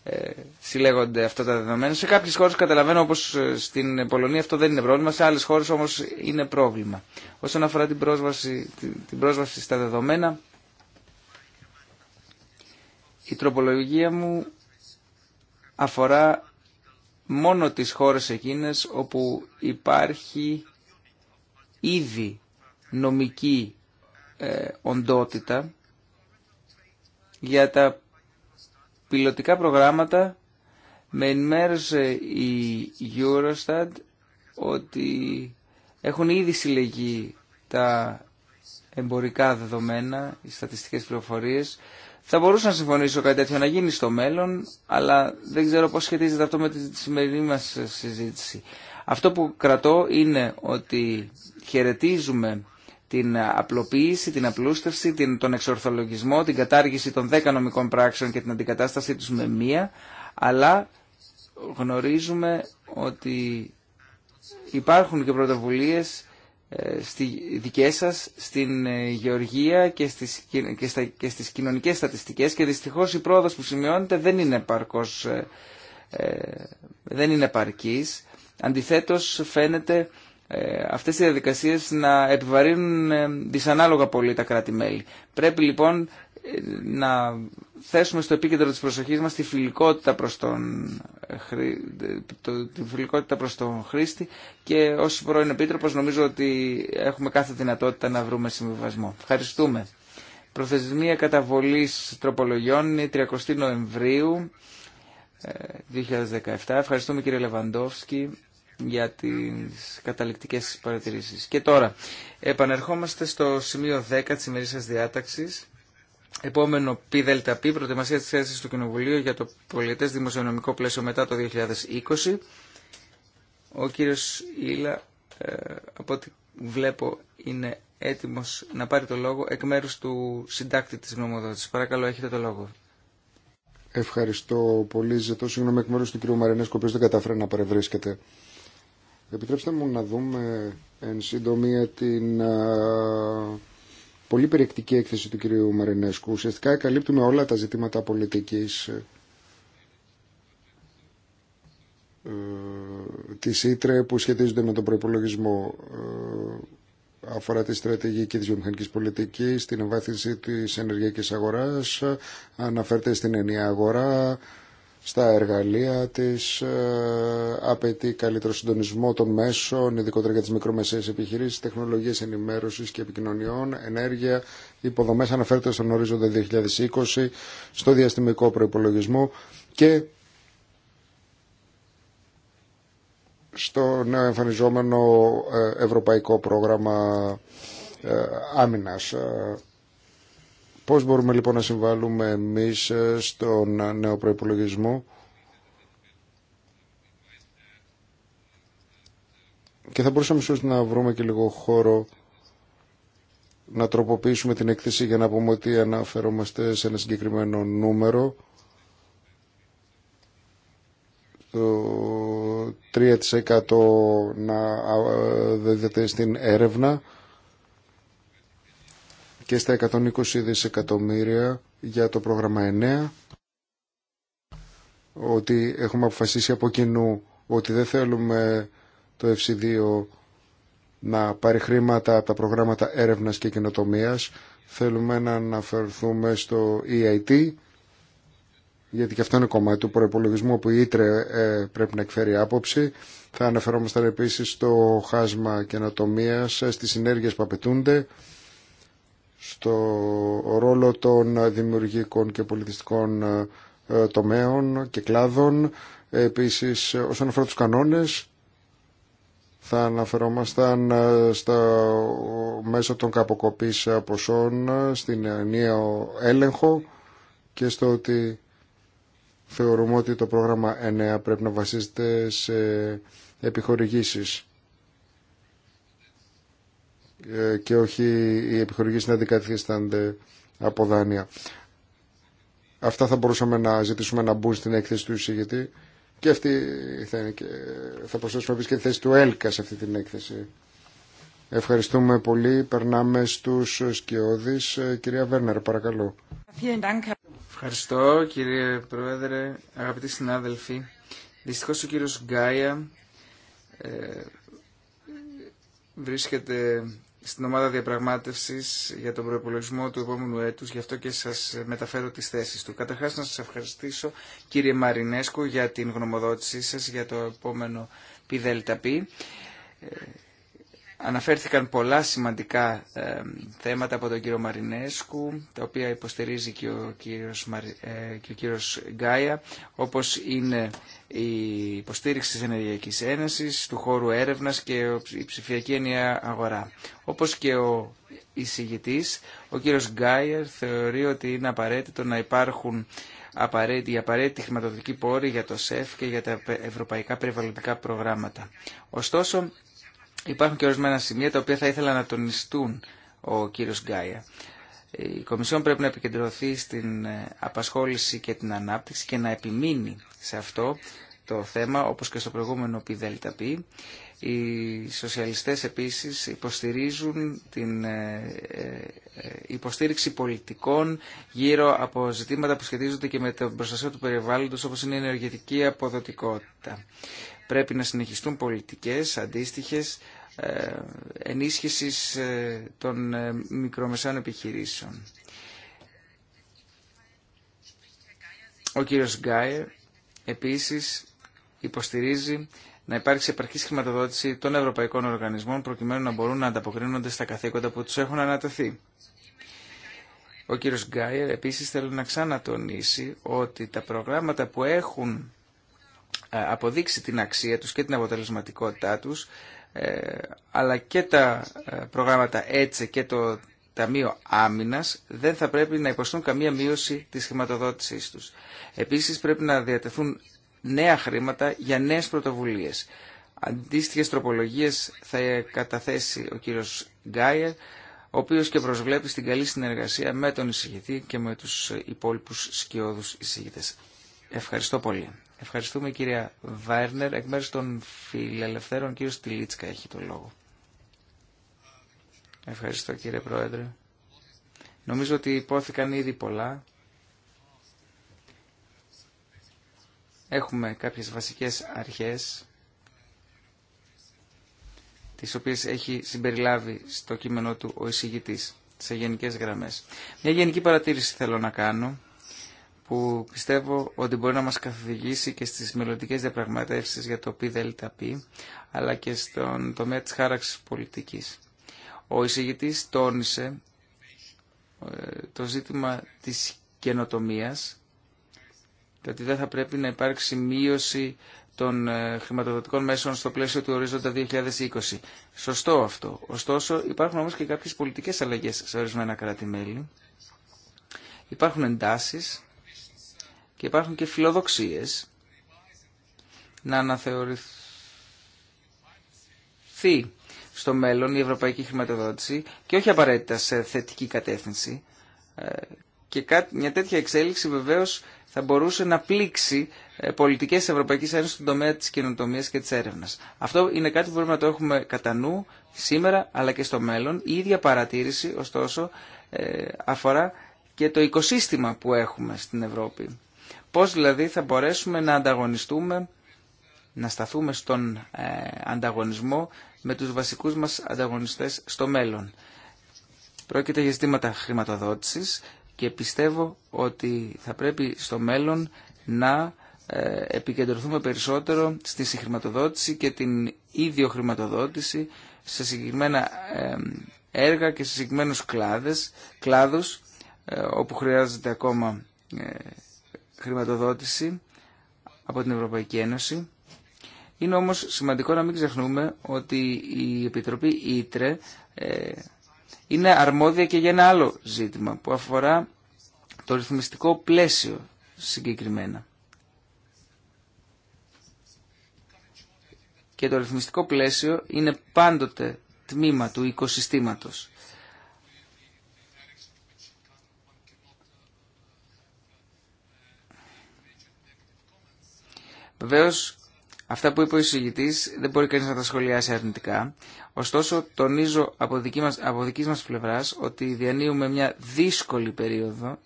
ε, συλλέγονται αυτά τα δεδομένα. Σε κάποιες χώρες καταλαβαίνω όπως ε, στην Πολωνία αυτό δεν είναι πρόβλημα, σε άλλες χώρες όμως είναι πρόβλημα. Όσον αφορά την πρόσβαση, την πρόσβαση στα δεδομένα, η τροπολογία μου αφορά μόνο τις χώρες εκείνες όπου υπάρχει ήδη νομική ε, οντότητα για τα πιλωτικά προγράμματα με ενημέρωσε η Eurostat ότι έχουν ήδη συλλεγεί τα εμπορικά δεδομένα, οι στατιστικές πληροφορίες. Θα μπορούσα να συμφωνήσω κάτι τέτοιο να γίνει στο μέλλον, αλλά δεν ξέρω πώς σχετίζεται αυτό με τη σημερινή μας συζήτηση. Αυτό που κρατώ είναι ότι χαιρετίζουμε την απλοποίηση, την απλούστευση, την, τον εξορθολογισμό, την κατάργηση των δέκα νομικών πράξεων και την αντικατάστασή τους με μία, αλλά γνωρίζουμε ότι υπάρχουν και πρωτοβουλίες ε, στη δικές σας, στην ε, γεωργία και στις, και, στα, και στις κοινωνικές στατιστικές και δυστυχώς η πρόοδος που σημειώνεται δεν είναι παρκός, ε, ε, δεν είναι παρκής. Αντιθέτως φαίνεται ε, αυτές οι διαδικασίες να επιβαρύνουν ε, δυσανάλογα πολύ τα κράτη-μέλη. Πρέπει λοιπόν ε, να θέσουμε στο επίκεντρο της προσοχής μας τη φιλικότητα προς τον, τη φιλικότητα προς τον χρήστη και ως πρώην επίτροπος νομίζω ότι έχουμε κάθε δυνατότητα να βρούμε συμβιβασμό. Ευχαριστούμε. Προθεσμία καταβολής τροπολογιών είναι 30 Νοεμβρίου 2017. Ευχαριστούμε κύριε Λεβαντόφσκι για τις καταληκτικές παρατηρήσεις. Και τώρα, επανερχόμαστε στο σημείο 10 της σας διάταξης. Επόμενο ΠΔΠ, προτεμασία της θέσης του Κοινοβουλίου για το πολιτές δημοσιονομικό πλαίσιο μετά το 2020. Ο κύριος Ήλα, ε, από ό,τι βλέπω, είναι έτοιμος να πάρει το λόγο εκ μέρους του συντάκτη της γνωμοδότησης. Παρακαλώ, έχετε το λόγο. Ευχαριστώ πολύ. Ζητώ συγγνώμη εκ μέρου του κ. Μαρινέσκου, ο οποίο δεν κατάφερε να παρευρίσκεται. Επιτρέψτε μου να δούμε εν συντομία την πολύ περιεκτική έκθεση του κυρίου Μαρινέσκου. Ουσιαστικά καλύπτουμε όλα τα ζητήματα πολιτικής ε, της ΙΤΡΕ που σχετίζονται με τον προπολογισμό ε, αφορά τη στρατηγική της βιομηχανικής πολιτικής, την εμβάθυνση της ενεργειακής αγοράς, ε, αναφέρεται στην ενιαία αγορά, στα εργαλεία της, ε, απαιτεί καλύτερο συντονισμό των μέσων, ειδικότερα για τις μικρομεσαίες επιχειρήσεις, τεχνολογίες ενημέρωσης και επικοινωνιών, ενέργεια, υποδομές αναφέρεται στον ορίζοντα 2020, στο διαστημικό προϋπολογισμό και στο νέο εμφανιζόμενο ε, ευρωπαϊκό πρόγραμμα ε, άμυνας. Πώς μπορούμε λοιπόν να συμβάλλουμε εμείς ε, στον νέο προϋπολογισμό και θα μπορούσαμε ίσως να βρούμε και λίγο χώρο να τροποποιήσουμε την έκθεση για να πούμε ότι αναφερόμαστε σε ένα συγκεκριμένο νούμερο το 3% να ε, δέδεται στην έρευνα και στα 120 δισεκατομμύρια για το πρόγραμμα 9 ότι έχουμε αποφασίσει από κοινού ότι δεν θέλουμε το FC2 να πάρει χρήματα από τα προγράμματα έρευνας και κοινοτομίας. Θέλουμε να αναφερθούμε στο EIT, γιατί και αυτό είναι κομμάτι του προπολογισμού που η ΙΤΡΕ ε, πρέπει να εκφέρει άποψη. Θα αναφερόμαστε επίσης στο χάσμα καινοτομίας, ε, στις συνέργειες που απαιτούνται στο ρόλο των δημιουργικών και πολιτιστικών ε, τομέων και κλάδων. Επίσης, όσον αφορά τους κανόνες, θα αναφερόμασταν ε, στα μέσω των καποκοπής ποσών, στην ενιαίο έλεγχο και στο ότι θεωρούμε ότι το πρόγραμμα 9 πρέπει να βασίζεται σε επιχορηγήσεις ε, και όχι οι επιχορηγήσει να αντικαθίστανται από δάνεια. Αυτά θα μπορούσαμε να ζητήσουμε να μπουν στην έκθεση του εισηγητή και αυτή θα, είναι και... θα προσθέσουμε επίσης και τη θέση του ΕΛΚΑ σε αυτή την έκθεση. Ευχαριστούμε πολύ. Περνάμε στους σκιώδεις. Ε, κυρία Βέρνερ, παρακαλώ. Ευχαριστώ κύριε Πρόεδρε, αγαπητοί συνάδελφοι. Δυστυχώς ο κύριος Γκάια ε, βρίσκεται στην ομάδα διαπραγμάτευσης για τον προπολογισμό του επόμενου έτους, γι' αυτό και σας μεταφέρω τι θέσεις του. Καταρχά να σας ευχαριστήσω κύριε Μαρινέσκου για την γνωμοδότησή σας για το επόμενο ΠΔΠ. Αναφέρθηκαν πολλά σημαντικά ε, θέματα από τον κύριο Μαρινέσκου, τα οποία υποστηρίζει ε, και ο κύριος, Γκάια, όπως είναι η υποστήριξη της ενεργειακής ένωσης, του χώρου έρευνας και η ψηφιακή ενιαία αγορά. Όπως και ο εισηγητής, ο κύριος Γκάια θεωρεί ότι είναι απαραίτητο να υπάρχουν οι η απαραίτητη χρηματοδοτική πόρη για το ΣΕΦ και για τα ευρωπαϊκά περιβαλλοντικά προγράμματα. Ωστόσο, Υπάρχουν και ορισμένα σημεία τα οποία θα ήθελα να τονιστούν ο κύριος Γκάια. Η Κομισιόν πρέπει να επικεντρωθεί στην ε, απασχόληση και την ανάπτυξη και να επιμείνει σε αυτό το θέμα, όπως και στο προηγούμενο πι Οι σοσιαλιστές επίσης υποστηρίζουν την ε, ε, υποστήριξη πολιτικών γύρω από ζητήματα που σχετίζονται και με την προστασία του περιβάλλοντος, όπως είναι η ενεργετική αποδοτικότητα. Πρέπει να συνεχιστούν πολιτικές αντίστοιχες ε, ενίσχυσης ε, των ε, μικρομεσαίων επιχειρήσεων. Ο κύριος Γκάιερ επίσης υποστηρίζει να υπάρξει επαρκή χρηματοδότηση των ευρωπαϊκών οργανισμών προκειμένου να μπορούν να ανταποκρίνονται στα καθήκοντα που τους έχουν ανατεθεί. Ο κύριος Γκάιερ επίσης θέλει να ξανατονίσει ότι τα προγράμματα που έχουν ε, αποδείξει την αξία τους και την αποτελεσματικότητά τους ε, αλλά και τα ε, προγράμματα έτσι και το Ταμείο Άμυνα δεν θα πρέπει να υποστούν καμία μείωση τη χρηματοδότησή του. Επίση, πρέπει να διατεθούν νέα χρήματα για νέε πρωτοβουλίε. Αντίστοιχε τροπολογίε θα καταθέσει ο κύριο Γκάιερ, ο οποίο και προσβλέπει στην καλή συνεργασία με τον εισηγητή και με του υπόλοιπου σκιώδου εισηγητέ. Ευχαριστώ πολύ. Ευχαριστούμε κυρία Βάρνερ. Εκ μέρους των φιλελευθέρων κύριο Στυλίτσκα έχει το λόγο. Ευχαριστώ κύριε Πρόεδρε. Νομίζω ότι υπόθηκαν ήδη πολλά. Έχουμε κάποιες βασικές αρχές τις οποίες έχει συμπεριλάβει στο κείμενό του ο εισηγητής σε γενικές γραμμές. Μια γενική παρατήρηση θέλω να κάνω που πιστεύω ότι μπορεί να μας καθοδηγήσει και στις μελλοντικές διαπραγματεύσεις για το ΠΔΠ, αλλά και στον τομέα της χάραξης πολιτικής. Ο εισηγητής τόνισε ε, το ζήτημα της καινοτομίας και ότι δεν θα πρέπει να υπάρξει μείωση των ε, χρηματοδοτικών μέσων στο πλαίσιο του ορίζοντα 2020. Σωστό αυτό. Ωστόσο υπάρχουν όμως και κάποιες πολιτικές αλλαγές σε ορισμένα κράτη-μέλη. Υπάρχουν εντάσεις και υπάρχουν και φιλοδοξίες να αναθεωρηθεί στο μέλλον η ευρωπαϊκή χρηματοδότηση και όχι απαραίτητα σε θετική κατεύθυνση. Ε, και μια τέτοια εξέλιξη βεβαίως θα μπορούσε να πλήξει ε, πολιτικές Ευρωπαϊκής Ένωση στον τομέα τη καινοτομία και τη έρευνα. Αυτό είναι κάτι που μπορούμε να το έχουμε κατά νου σήμερα αλλά και στο μέλλον. Η ίδια παρατήρηση ωστόσο ε, αφορά και το οικοσύστημα που έχουμε στην Ευρώπη. Πώς δηλαδή θα μπορέσουμε να ανταγωνιστούμε, να σταθούμε στον ε, ανταγωνισμό με τους βασικούς μας ανταγωνιστές στο μέλλον. Πρόκειται για ζητήματα χρηματοδότησης και πιστεύω ότι θα πρέπει στο μέλλον να ε, επικεντρωθούμε περισσότερο στη συγχρηματοδότηση και την ίδιο χρηματοδότηση σε συγκεκριμένα ε, έργα και σε συγκεκριμένους κλάδες, κλάδους όπου χρειάζεται ακόμα χρηματοδότηση από την Ευρωπαϊκή Ένωση. Είναι όμως σημαντικό να μην ξεχνούμε ότι η Επιτροπή Ήτρε ε, είναι αρμόδια και για ένα άλλο ζήτημα που αφορά το ρυθμιστικό πλαίσιο συγκεκριμένα. Και το ρυθμιστικό πλαίσιο είναι πάντοτε τμήμα του οικοσυστήματος. Βεβαίω, αυτά που είπε ο εισηγητή δεν μπορεί κανεί να τα σχολιάσει αρνητικά. Ωστόσο, τονίζω από δική μας, από μας πλευράς ότι διανύουμε μια δύσκολη περίοδο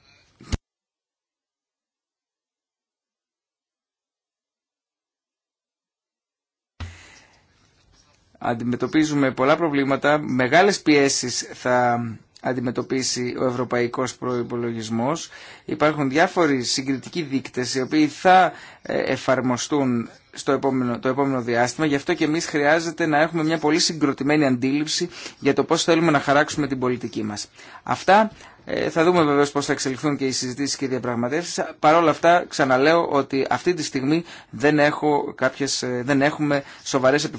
αντιμετωπίζουμε πολλά προβλήματα, μεγάλες πιέσεις θα αντιμετωπίσει ο ευρωπαϊκός προϋπολογισμός. Υπάρχουν διάφοροι συγκριτικοί δείκτες οι οποίοι θα ε, εφαρμοστούν στο επόμενο, το επόμενο διάστημα. Γι' αυτό και εμείς χρειάζεται να έχουμε μια πολύ συγκροτημένη αντίληψη για το πώς θέλουμε να χαράξουμε την πολιτική μας. Αυτά ε, θα δούμε βεβαίως πώς θα εξελιχθούν και οι συζητήσεις και οι διαπραγματεύσεις. Παρ' όλα αυτά ξαναλέω ότι αυτή τη στιγμή δεν, έχω κάποιες, ε, δεν έχουμε σοβαρές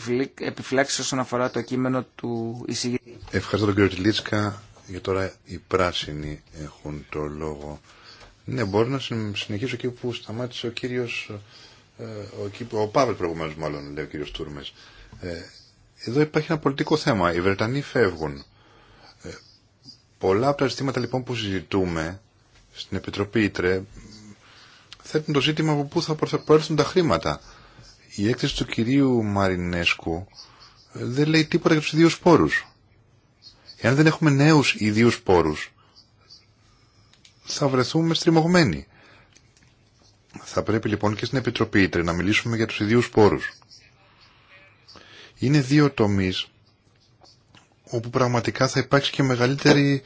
επιφυλάξεις όσον αφορά το κείμενο του εισηγητή. Ευχαριστώ τον κύριο Τιλίτσκα. Για τώρα οι πράσινοι έχουν το λόγο. Ναι, μπορώ να συνεχίσω εκεί που σταμάτησε ο κύριος, ε, ο, ο Παύλ προηγουμένως μάλλον, λέει ο κύριος Τούρμες. Ε, εδώ υπάρχει ένα πολιτικό θέμα. Οι Βρετανοί φεύγουν. Ε, πολλά από τα ζητήματα λοιπόν που συζητούμε στην Επιτροπή Ήτρε θέτουν το ζήτημα από πού θα προέλθουν τα χρήματα. Η έκθεση του κυρίου Μαρινέσκου δεν λέει τίποτα για τους δύο σπόρους. Εάν δεν έχουμε νέους ιδίους πόρους, θα βρεθούμε στριμωγμένοι. Θα πρέπει λοιπόν και στην Επιτροπή Ήτρε να μιλήσουμε για τους ιδίους πόρους. Είναι δύο τομείς όπου πραγματικά θα υπάρξει και μεγαλύτερη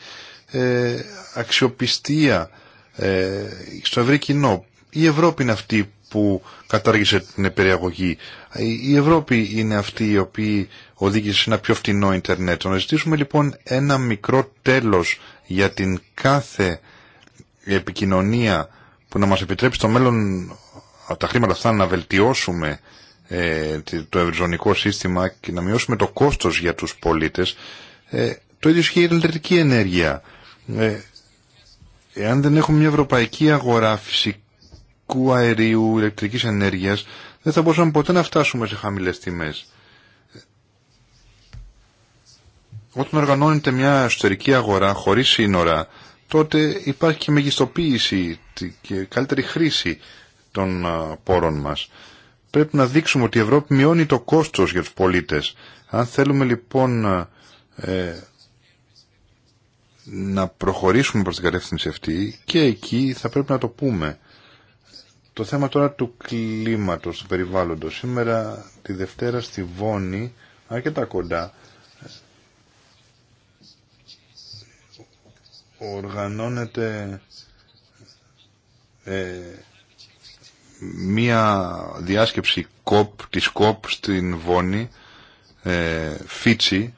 ε, αξιοπιστία ε, στο ευρύ κοινό. Η Ευρώπη είναι αυτή που κατάργησε την περιαγωγή. Η Ευρώπη είναι αυτή η οποία οδήγησε σε ένα πιο φτηνό ίντερνετ. Να ζητήσουμε λοιπόν ένα μικρό τέλος για την κάθε επικοινωνία που να μας επιτρέψει στο μέλλον τα χρήματα αυτά να βελτιώσουμε ε, το ευρυζωνικό σύστημα και να μειώσουμε το κόστος για τους πολίτες. Ε, το ίδιο ισχύει η ηλεκτρική ενέργεια. Ε, εάν δεν έχουμε μια ευρωπαϊκή αγορά φυσικά φυσικού αερίου, ηλεκτρικής ενέργειας, δεν θα μπορούσαμε ποτέ να φτάσουμε σε χαμηλές τιμές. Όταν οργανώνεται μια εσωτερική αγορά χωρίς σύνορα, τότε υπάρχει και μεγιστοποίηση και καλύτερη χρήση των πόρων μας. Πρέπει να δείξουμε ότι η Ευρώπη μειώνει το κόστος για τους πολίτες. Αν θέλουμε λοιπόν ε, να προχωρήσουμε προς την κατεύθυνση αυτή και εκεί θα πρέπει να το πούμε. Το θέμα τώρα του κλίματος, του περιβάλλοντος. Σήμερα τη Δευτέρα στη Βόνη, αρκετά κοντά, οργανώνεται ε, μία διάσκεψη κοπ, της κοπ στην Βόνη, ε, Φίτσι,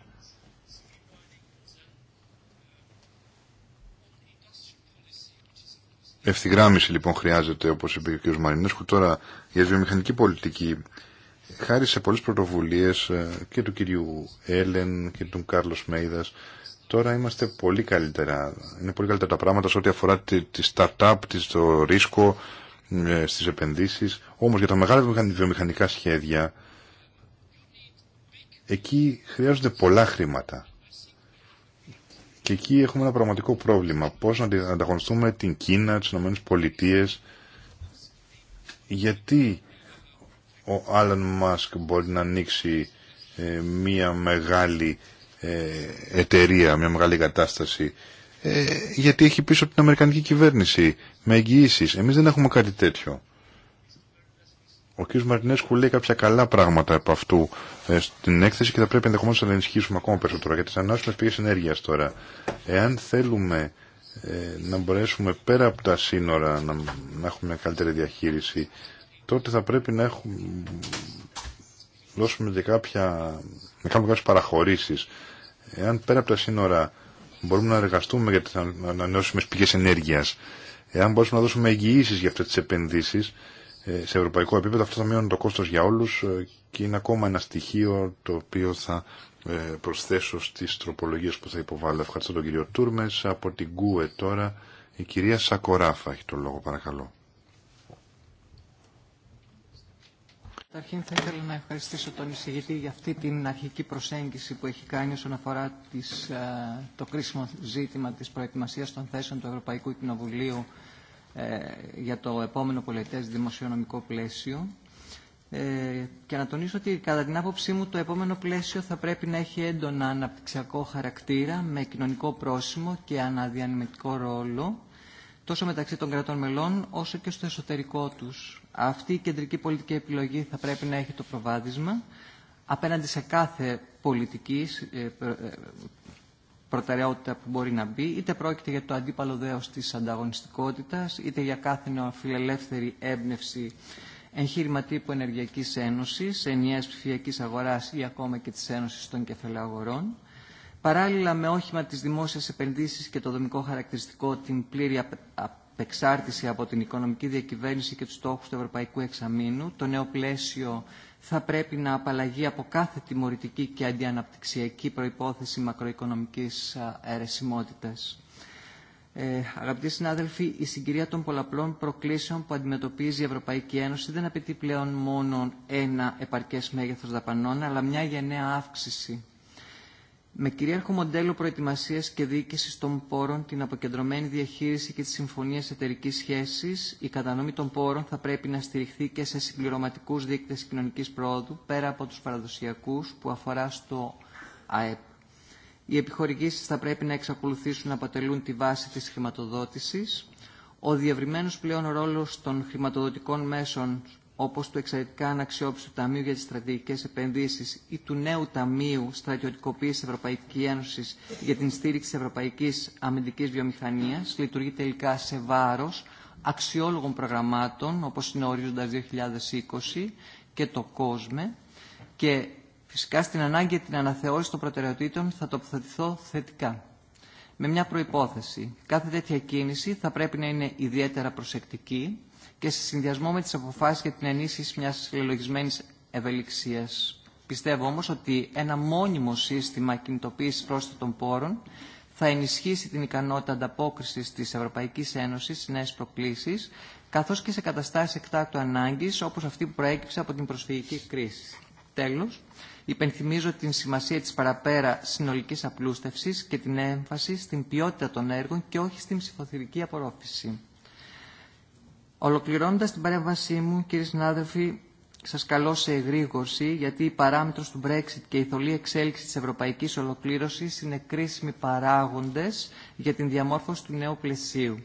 Ευθυγράμμιση λοιπόν χρειάζεται, όπως είπε και ο κ. Μαρινέσκου, τώρα για τη βιομηχανική πολιτική. Χάρη σε πολλέ πρωτοβουλίε ε, και του κυρίου Έλεν και του Κάρλος Μέιδα, τώρα είμαστε πολύ καλύτερα. Είναι πολύ καλύτερα τα πράγματα σε ό,τι αφορά τη, τη startup, το ρίσκο, ε, στις επενδύσεις. Όμως για τα μεγάλα βιομηχανικά σχέδια, εκεί χρειάζονται πολλά χρήματα. Και εκεί έχουμε ένα πραγματικό πρόβλημα. Πώς να ανταγωνιστούμε την Κίνα, τις Ηνωμένες Πολιτείες. Γιατί ο Άλαν Μάσκ μπορεί να ανοίξει ε, μια μεγάλη ε, εταιρεία, μια μεγάλη κατάσταση. Ε, γιατί έχει πίσω την Αμερικανική κυβέρνηση με εγγυήσεις. Εμείς δεν έχουμε κάτι τέτοιο. Ο κ. Μαρτινέσκου λέει κάποια καλά πράγματα από αυτού ε, στην έκθεση και θα πρέπει ενδεχομένω να ενισχύσουμε ακόμα περισσότερο για τι ανάσχημε πηγέ ενέργεια τώρα. Εάν θέλουμε ε, να μπορέσουμε πέρα από τα σύνορα να, έχουμε μια καλύτερη διαχείριση, τότε θα πρέπει να έχουμε, δώσουμε και κάποια, να κάνουμε κάποιε παραχωρήσει. Εάν πέρα από τα σύνορα μπορούμε να εργαστούμε για τι ανανεώσιμε πηγέ ενέργεια, εάν μπορούμε να δώσουμε εγγυήσει για αυτέ τι επενδύσει. Ε, σε ευρωπαϊκό επίπεδο αυτό θα μειώνει το κόστος για όλους ε, και είναι ακόμα ένα στοιχείο το οποίο θα ε, προσθέσω στις τροπολογίες που θα υποβάλλω. Ευχαριστώ τον κύριο Τούρμες. Από την ΚΟΥΕ τώρα η κυρία Σακοράφα έχει το λόγο παρακαλώ. Καταρχήν θα ήθελα να ευχαριστήσω τον εισηγητή για αυτή την αρχική προσέγγιση που έχει κάνει όσον αφορά τις, το κρίσιμο ζήτημα της προετοιμασίας των θέσεων του Ευρωπαϊκού Κοινοβουλίου ε, για το επόμενο πολιτές δημοσιονομικό πλαίσιο ε, και να τονίσω ότι κατά την άποψή μου το επόμενο πλαίσιο θα πρέπει να έχει έντονα αναπτυξιακό χαρακτήρα με κοινωνικό πρόσημο και αναδιανεμητικό ρόλο τόσο μεταξύ των κρατών μελών όσο και στο εσωτερικό τους. Αυτή η κεντρική πολιτική επιλογή θα πρέπει να έχει το προβάδισμα απέναντι σε κάθε πολιτική ε, προτεραιότητα που μπορεί να μπει, είτε πρόκειται για το αντίπαλο δέος της ανταγωνιστικότητας, είτε για κάθε νεοφιλελεύθερη έμπνευση εγχείρημα τύπου Ενεργειακής Ένωσης, ενιαίας ψηφιακής αγοράς ή ακόμα και της Ένωσης των Κεφαλαίων Παράλληλα με όχημα της δημόσιας επενδύσεις και το δομικό χαρακτηριστικό την πλήρη απεξάρτηση από την οικονομική διακυβέρνηση και τους στόχους του Ευρωπαϊκού Εξαμήνου, το νέο πλαίσιο θα πρέπει να απαλλαγεί από κάθε τιμωρητική και αντιαναπτυξιακή προϋπόθεση μακροοικονομικής αιρεσιμότητας. Ε, αγαπητοί συνάδελφοι, η συγκυρία των πολλαπλών προκλήσεων που αντιμετωπίζει η Ευρωπαϊκή Ένωση δεν απαιτεί πλέον μόνο ένα επαρκές μέγεθος δαπανών, αλλά μια γενναία αύξηση με κυρίαρχο μοντέλο προετοιμασία και διοίκηση των πόρων, την αποκεντρωμένη διαχείριση και τι συμφωνίε εταιρική σχέση, η κατανομή των πόρων θα πρέπει να στηριχθεί και σε συμπληρωματικού δείκτε κοινωνική πρόοδου, πέρα από του παραδοσιακού που αφορά στο ΑΕΠ. Οι επιχορηγήσει θα πρέπει να εξακολουθήσουν να αποτελούν τη βάση τη χρηματοδότηση. Ο διευρυμένο πλέον ρόλο των χρηματοδοτικών μέσων όπως του εξαιρετικά αναξιόπιστου Ταμείου για τις Στρατηγικές Επενδύσεις ή του νέου Ταμείου Στρατιωτικοποίησης Ευρωπαϊκής Ένωσης για την στήριξη της Ευρωπαϊκής Αμυντικής Βιομηχανίας, λειτουργεί τελικά σε βάρος αξιόλογων προγραμμάτων, όπως είναι ο Ορίζοντας 2020 και το κόσμε και φυσικά στην ανάγκη την αναθεώρηση των προτεραιοτήτων θα τοποθετηθώ θετικά. Με μια προϋπόθεση. Κάθε τέτοια κίνηση θα πρέπει να είναι ιδιαίτερα προσεκτική, και σε συνδυασμό με τι αποφάσει για την ενίσχυση μια συλλογισμένη ευελιξία. Πιστεύω όμω ότι ένα μόνιμο σύστημα κινητοποίηση πρόσθετων πόρων θα ενισχύσει την ικανότητα ανταπόκριση τη Ευρωπαϊκή Ένωση, στις νέε προκλήσει, καθώ και σε καταστάσει εκτάκτου ανάγκη, όπω αυτή που προέκυψε από την προσφυγική κρίση. Τέλο, υπενθυμίζω την σημασία τη παραπέρα συνολική απλούστευση και την έμφαση στην ποιότητα των έργων και όχι στην ψηφοθυρική απορρόφηση. Ολοκληρώνοντας την παρέμβασή μου, κύριε συνάδελφοι, σας καλώ σε εγρήγορση, γιατί οι παράμετρος του Brexit και η θολή εξέλιξη της ευρωπαϊκής ολοκλήρωσης είναι κρίσιμοι παράγοντες για την διαμόρφωση του νέου πλαισίου.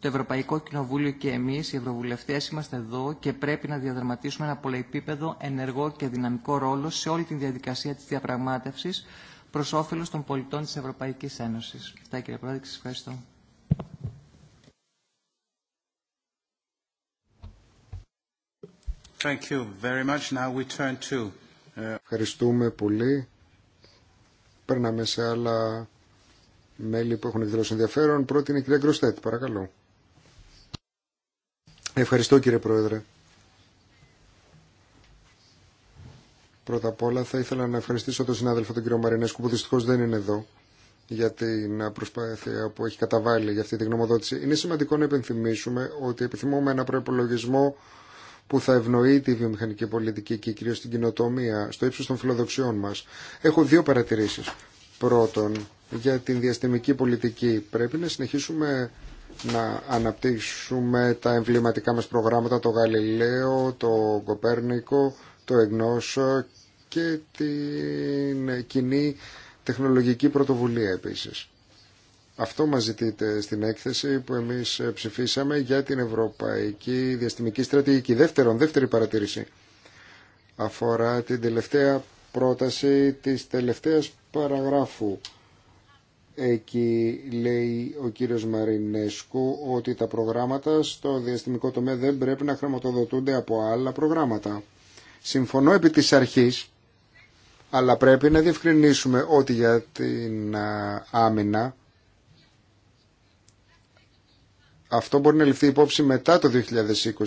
Το Ευρωπαϊκό Κοινοβούλιο και εμείς, οι Ευρωβουλευτές, είμαστε εδώ και πρέπει να διαδραματίσουμε ένα πολυεπίπεδο, ενεργό και δυναμικό ρόλο σε όλη την διαδικασία της διαπραγμάτευσης προς όφελος των πολιτών της Ευρωπαϊκής Ένωσης. Αυτά κύριε Πρόεδρε, ευχαριστώ. Uh, Ευχαριστούμε πολύ. Παίρναμε σε άλλα μέλη που έχουν εκδηλώσει ενδιαφέρον. Πρώτη είναι η κυρία Γκροστέτ, παρακαλώ. Ευχαριστώ κύριε Πρόεδρε. Πρώτα απ' όλα θα ήθελα να ευχαριστήσω τον συνάδελφο τον κύριο Μαρινέσκου που δυστυχώς δεν είναι εδώ για την προσπάθεια που έχει καταβάλει για αυτή τη γνωμοδότηση. Είναι σημαντικό να υπενθυμίσουμε ότι επιθυμούμε ένα προπολογισμό που θα ευνοεί τη βιομηχανική πολιτική και κυρίω την κοινοτομία στο ύψο των φιλοδοξιών μα. Έχω δύο παρατηρήσει. Πρώτον, για την διαστημική πολιτική πρέπει να συνεχίσουμε να αναπτύξουμε τα εμβληματικά μας προγράμματα, το Γαλιλαίο, το Κοπέρνικο, το Εγνός και την κοινή τεχνολογική πρωτοβουλία επίσης. Αυτό μας ζητείτε στην έκθεση που εμείς ε, ψηφίσαμε για την Ευρωπαϊκή Διαστημική Στρατηγική. Δεύτερον, δεύτερη παρατήρηση αφορά την τελευταία πρόταση της τελευταίας παραγράφου. Εκεί λέει ο κύριος Μαρινέσκου ότι τα προγράμματα στο διαστημικό τομέα δεν πρέπει να χρηματοδοτούνται από άλλα προγράμματα. Συμφωνώ επί της αρχής, αλλά πρέπει να διευκρινίσουμε ότι για την άμυνα αυτό μπορεί να ληφθεί υπόψη μετά το 2020,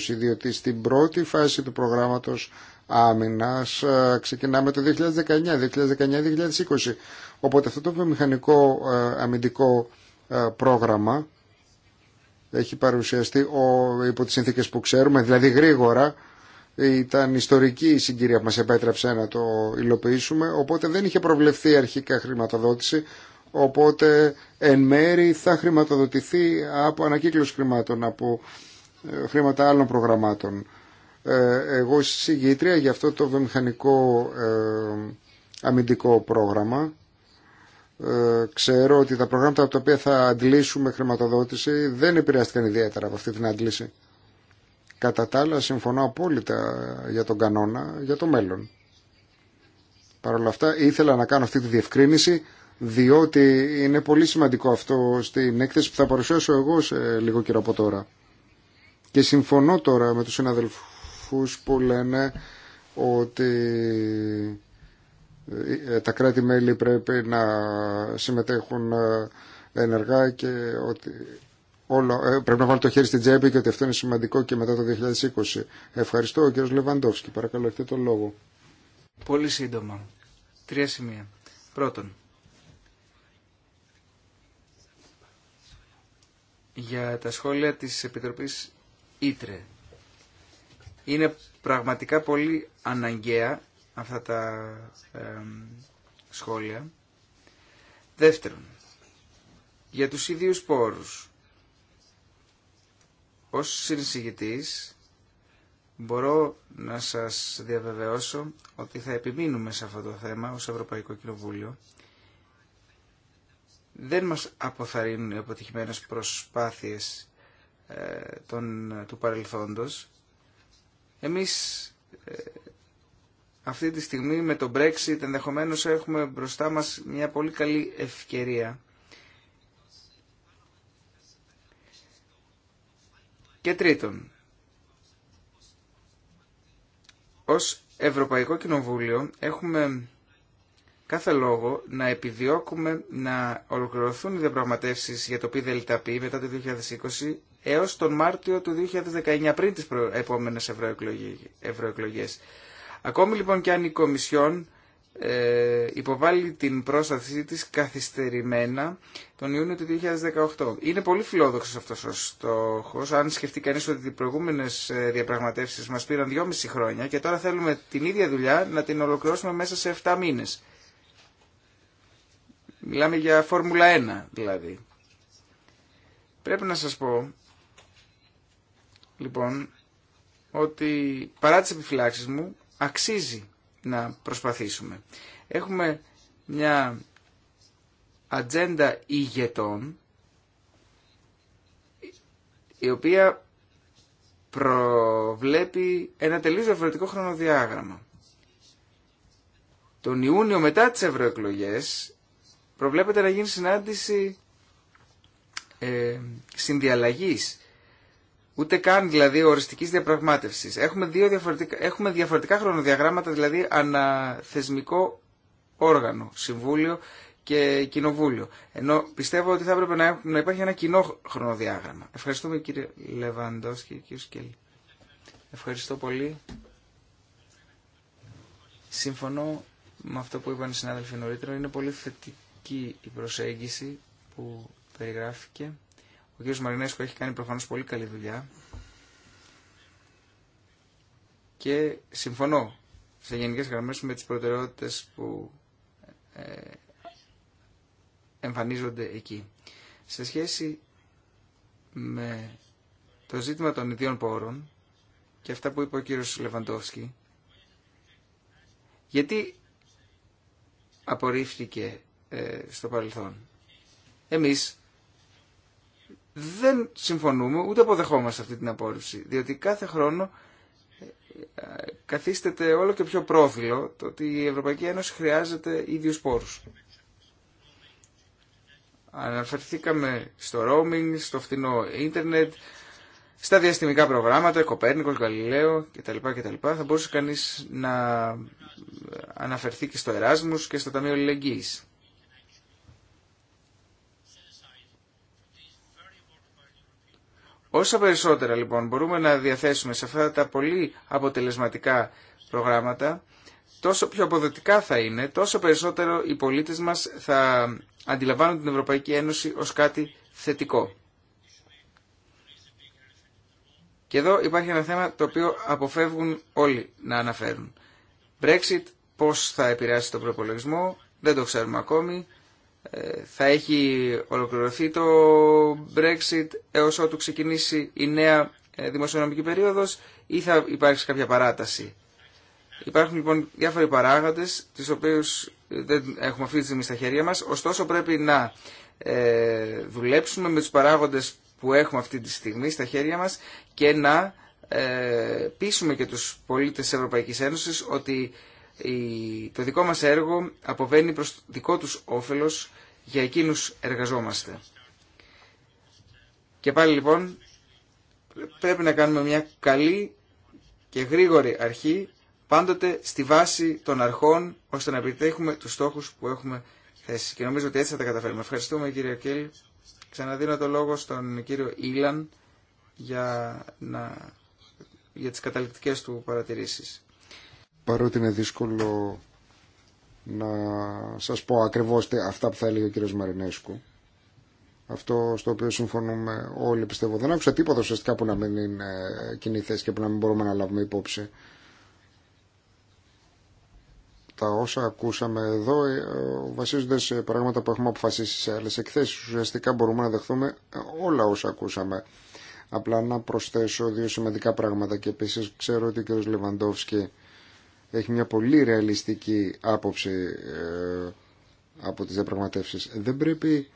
διότι στην πρώτη φάση του προγράμματος άμυνας ε, ξεκινάμε το 2019, 2019-2020. Οπότε αυτό το βιομηχανικό ε, αμυντικό ε, πρόγραμμα έχει παρουσιαστεί υπό τις συνθήκες που ξέρουμε, δηλαδή γρήγορα. Ήταν ιστορική η συγκυρία που μας επέτρεψε να το υλοποιήσουμε, οπότε δεν είχε προβλεφθεί αρχικά χρηματοδότηση, Οπότε εν μέρη θα χρηματοδοτηθεί από ανακύκλωση χρημάτων, από ε, χρήματα άλλων προγραμμάτων. Ε, εγώ συγγήτρια για αυτό το βιομηχανικό ε, αμυντικό πρόγραμμα ξέρω ότι τα προγράμματα από τα οποία θα αντλήσουμε χρηματοδότηση δεν επηρεάστηκαν ιδιαίτερα από αυτή την αντλήση. Κατά τα άλλα συμφωνώ απόλυτα για τον κανόνα, για το μέλλον. Παρ' όλα αυτά ήθελα να κάνω αυτή τη διευκρίνηση διότι είναι πολύ σημαντικό αυτό στην έκθεση που θα παρουσιάσω εγώ σε λίγο καιρό από τώρα. Και συμφωνώ τώρα με τους συναδελφούς που λένε ότι ε, τα κράτη-μέλη πρέπει να συμμετέχουν ε, ενεργά και ότι όλο, ε, πρέπει να βάλουν το χέρι στην τσέπη και ότι αυτό είναι σημαντικό και μετά το 2020. Ευχαριστώ. Ο Λεβαντόφσκι, παρακαλώ, έχετε τον λόγο. Πολύ σύντομα. Τρία σημεία. Πρώτον, για τα σχόλια της Επιτροπής Ήτρε. Είναι πραγματικά πολύ αναγκαία αυτά τα σχόλια. Δεύτερον, για τους ίδιους πόρους. Ως συνεισηγητής μπορώ να σας διαβεβαιώσω ότι θα επιμείνουμε σε αυτό το θέμα ως Ευρωπαϊκό Κοινοβούλιο δεν μας αποθαρρύνουν οι αποτυχημένες προσπάθειες ε, των, του παρελθόντος. Εμείς ε, αυτή τη στιγμή με το Brexit ενδεχομένως έχουμε μπροστά μας μια πολύ καλή ευκαιρία Και τρίτον, ως Ευρωπαϊκό Κοινοβούλιο έχουμε κάθε λόγο να επιδιώκουμε να ολοκληρωθούν οι διαπραγματεύσει για το ΠΔΕΛΤΑΠΗ μετά το 2020 έω τον Μάρτιο του 2019 πριν τις επόμενε ευρωεκλογέ. Ακόμη λοιπόν και αν η Κομισιόν ε, υποβάλλει την πρόστασή της καθυστερημένα τον Ιούνιο του 2018. Είναι πολύ φιλόδοξος αυτός ο στόχος. Αν σκεφτεί κανείς ότι οι προηγούμενες ε, διαπραγματεύσεις μας πήραν 2,5 χρόνια και τώρα θέλουμε την ίδια δουλειά να την ολοκληρώσουμε μέσα σε 7 μήνες. Μιλάμε για Φόρμουλα 1 δηλαδή. Πρέπει να σας πω, λοιπόν, ότι παρά τις επιφυλάξεις μου, αξίζει να προσπαθήσουμε. Έχουμε μια ατζέντα ηγετών, η οποία προβλέπει ένα τελείως διαφορετικό χρονοδιάγραμμα. Τον Ιούνιο μετά τις ευρωεκλογές προβλέπεται να γίνει συνάντηση ε, συνδιαλλαγής, ούτε καν δηλαδή οριστικής διαπραγμάτευσης. Έχουμε, δύο διαφορετικά, έχουμε διαφορετικά χρονοδιαγράμματα, δηλαδή αναθεσμικό όργανο, συμβούλιο και κοινοβούλιο. Ενώ πιστεύω ότι θα έπρεπε να, υπάρχει ένα κοινό χρονοδιάγραμμα. Ευχαριστούμε κύριε Λεβαντός και κύριε Σκέλη. Ευχαριστώ πολύ. Συμφωνώ με αυτό που είπαν οι συνάδελφοι νωρίτερα. Είναι πολύ θετικό και η προσέγγιση που περιγράφηκε. Ο κ. Μαρινέσκο έχει κάνει προφανώς πολύ καλή δουλειά και συμφωνώ σε γενικές γραμμές με τις προτεραιότητες που ε, εμφανίζονται εκεί. Σε σχέση με το ζήτημα των ιδίων πόρων και αυτά που είπε ο κύριος Λεβαντόφσκι, γιατί απορρίφθηκε ε, στο παρελθόν. Εμείς δεν συμφωνούμε ούτε αποδεχόμαστε αυτή την απόρριψη, διότι κάθε χρόνο ε, καθίστεται όλο και πιο πρόφυλο το ότι η Ευρωπαϊκή Ένωση χρειάζεται ίδιους πόρους. Αναφερθήκαμε στο roaming, στο φθηνό ίντερνετ, στα διαστημικά προγράμματα, Κοπέρνικος, Γαλιλαίο κτλ. κτλ. Θα μπορούσε κανείς να αναφερθεί και στο Εράσμους και στο Ταμείο Λιλεγγύης. Όσα περισσότερα λοιπόν μπορούμε να διαθέσουμε σε αυτά τα πολύ αποτελεσματικά προγράμματα, τόσο πιο αποδοτικά θα είναι, τόσο περισσότερο οι πολίτες μας θα αντιλαμβάνουν την Ευρωπαϊκή Ένωση ως κάτι θετικό. Και εδώ υπάρχει ένα θέμα το οποίο αποφεύγουν όλοι να αναφέρουν. Brexit, πώς θα επηρεάσει τον προπολογισμό, δεν το ξέρουμε ακόμη θα έχει ολοκληρωθεί το Brexit έως ότου ξεκινήσει η νέα ε, δημοσιονομική περίοδος ή θα υπάρξει κάποια παράταση. Υπάρχουν λοιπόν διάφοροι παράγοντες, τις οποίους ε, δεν έχουμε αυτή τη στιγμή στα χέρια μας, ωστόσο πρέπει να ε, δουλέψουμε με τους παράγοντες που έχουμε αυτή τη στιγμή στα χέρια μας και να πείσουμε και τους πολίτες της Ευρωπαϊκής Ένωσης ότι το δικό μας έργο αποβαίνει προς δικό τους όφελος για εκείνους εργαζόμαστε. Και πάλι λοιπόν πρέπει να κάνουμε μια καλή και γρήγορη αρχή πάντοτε στη βάση των αρχών ώστε να επιτέχουμε τους στόχους που έχουμε θέσει. Και νομίζω ότι έτσι θα τα καταφέρουμε. Ευχαριστούμε κύριε Κέλ. Ξαναδίνω το λόγο στον κύριο Ήλαν για, να... για τις καταληκτικές του παρατηρήσεις παρότι είναι δύσκολο να σας πω ακριβώς αυτά που θα έλεγε ο κύριος Μαρινέσκου. Αυτό στο οποίο συμφωνούμε όλοι πιστεύω. Δεν άκουσα τίποτα ουσιαστικά που να μην είναι κοινή θέση και που να μην μπορούμε να λάβουμε υπόψη. Τα όσα ακούσαμε εδώ ε, βασίζονται σε πράγματα που έχουμε αποφασίσει σε άλλες εκθέσεις. Ουσιαστικά μπορούμε να δεχθούμε όλα όσα ακούσαμε. Απλά να προσθέσω δύο σημαντικά πράγματα και επίσης ξέρω ότι ο κ. Λεβαντόφσκι έχει μια πολύ ρεαλιστική άποψη ε, από τις διαπραγματεύσεις. Δεν πρέπει,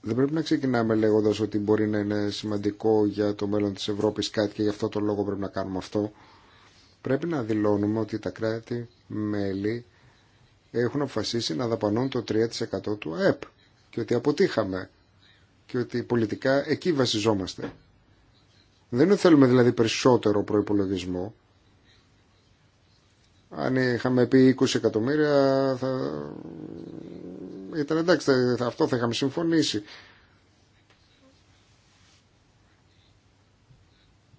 δεν πρέπει να ξεκινάμε λέγοντας ότι μπορεί να είναι σημαντικό για το μέλλον της Ευρώπης κάτι και γι' αυτό το λόγο πρέπει να κάνουμε αυτό. Πρέπει να δηλώνουμε ότι τα κράτη-μέλη έχουν αποφασίσει να δαπανούν το 3% του ΑΕΠ και ότι αποτύχαμε και ότι πολιτικά εκεί βασιζόμαστε. Δεν θέλουμε δηλαδή περισσότερο προϋπολογισμό, αν είχαμε πει 20 εκατομμύρια θα... ήταν εντάξει, αυτό θα είχαμε συμφωνήσει.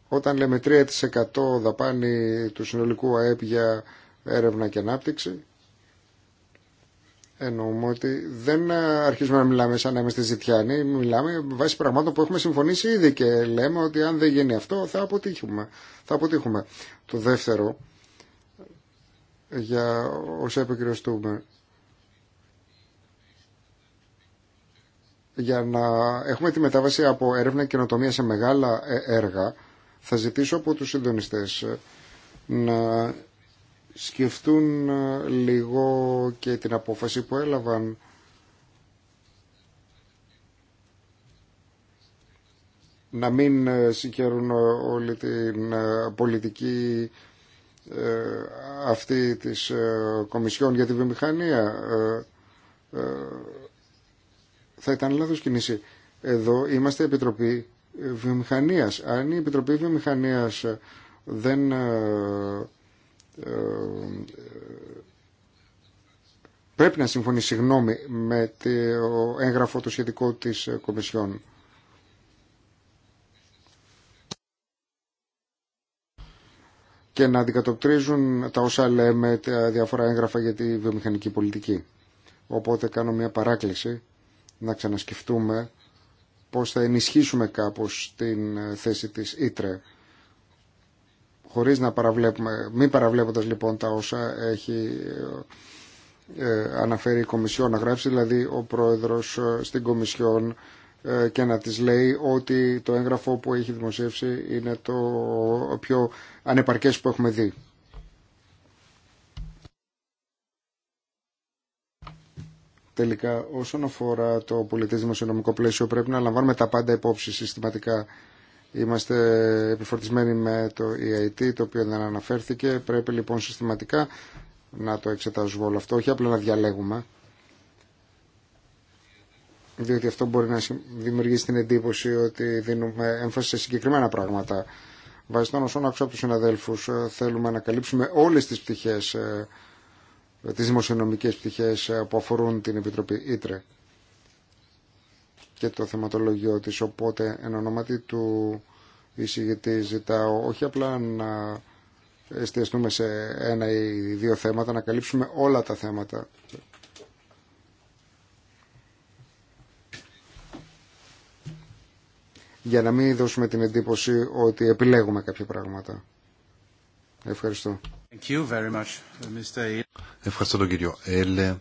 Όταν λέμε 3% δαπάνη του συνολικού ΑΕΠ για έρευνα και ανάπτυξη, εννοούμε ότι δεν αρχίζουμε να μιλάμε σαν να είμαστε ζητιάνοι, μιλάμε βάσει πραγμάτων που έχουμε συμφωνήσει ήδη και λέμε ότι αν δεν γίνει αυτό θα αποτύχουμε. Θα αποτύχουμε. Το δεύτερο, για όσα επικριστούμε. Για να έχουμε τη μετάβαση από έρευνα και καινοτομία σε μεγάλα ε, έργα, θα ζητήσω από τους συντονιστές ε, να σκεφτούν ε, λίγο και την απόφαση που έλαβαν να μην συγκερούν όλη την πολιτική ε, αυτή της ε, Κομισιόν για τη Βιομηχανία ε, θα ήταν λάθος κινήσει. Εδώ είμαστε Επιτροπή Βιομηχανίας. Αν η Επιτροπή Βιομηχανίας δεν πρέπει να συμφωνήσει γνώμη με το έγγραφο το σχετικό της Κομισιόν και να αντικατοπτρίζουν τα όσα λέμε τα διάφορα έγγραφα για τη βιομηχανική πολιτική. Οπότε κάνω μια παράκληση να ξανασκεφτούμε πώς θα ενισχύσουμε κάπως την ε, θέση της Ήτρε χωρίς να παραβλέπουμε, μη παραβλέποντας λοιπόν τα όσα έχει ε, ε, αναφέρει η Κομισιόν να γράψει, δηλαδή ο Πρόεδρος στην Κομισιόν ε, και να της λέει ότι το έγγραφο που έχει δημοσιεύσει είναι το πιο ανεπαρκές που έχουμε δει. Τελικά, όσον αφορά το πολιτές δημοσιονομικό πλαίσιο, πρέπει να λαμβάνουμε τα πάντα υπόψη συστηματικά. Είμαστε επιφορτισμένοι με το EIT, το οποίο δεν αναφέρθηκε. Πρέπει λοιπόν συστηματικά να το εξετάζουμε όλο αυτό, όχι απλά να διαλέγουμε διότι αυτό μπορεί να δημιουργήσει την εντύπωση ότι δίνουμε έμφαση σε συγκεκριμένα πράγματα. Βάσει όσο να άκουσα από του συναδέλφου, ε, θέλουμε να καλύψουμε όλε τι πτυχέ, ε, τι δημοσιονομικέ πτυχέ ε, που αφορούν την Επιτροπή Ήτρε και το θεματολογιό της. Οπότε, εν ονόματι του εισηγητή, ζητάω όχι απλά να εστιαστούμε σε ένα ή δύο θέματα, να καλύψουμε όλα τα θέματα για να μην δώσουμε την εντύπωση ότι επιλέγουμε κάποια πράγματα. Ευχαριστώ. Ευχαριστώ τον κύριο Έλε.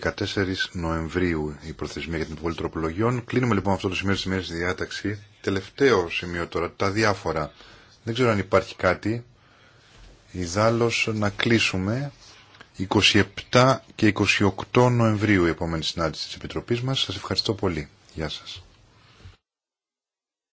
14 Νοεμβρίου η προθεσμία για την υποβολή τροπολογιών. Κλείνουμε λοιπόν αυτό το σημείο της τη διάταξη. Τελευταίο σημείο τώρα, τα διάφορα. Δεν ξέρω αν υπάρχει κάτι. Ιδάλλως να κλείσουμε 27 και 28 Νοεμβρίου η επόμενη συνάντηση της Επιτροπής μας. Σας ευχαριστώ πολύ. Γεια σας.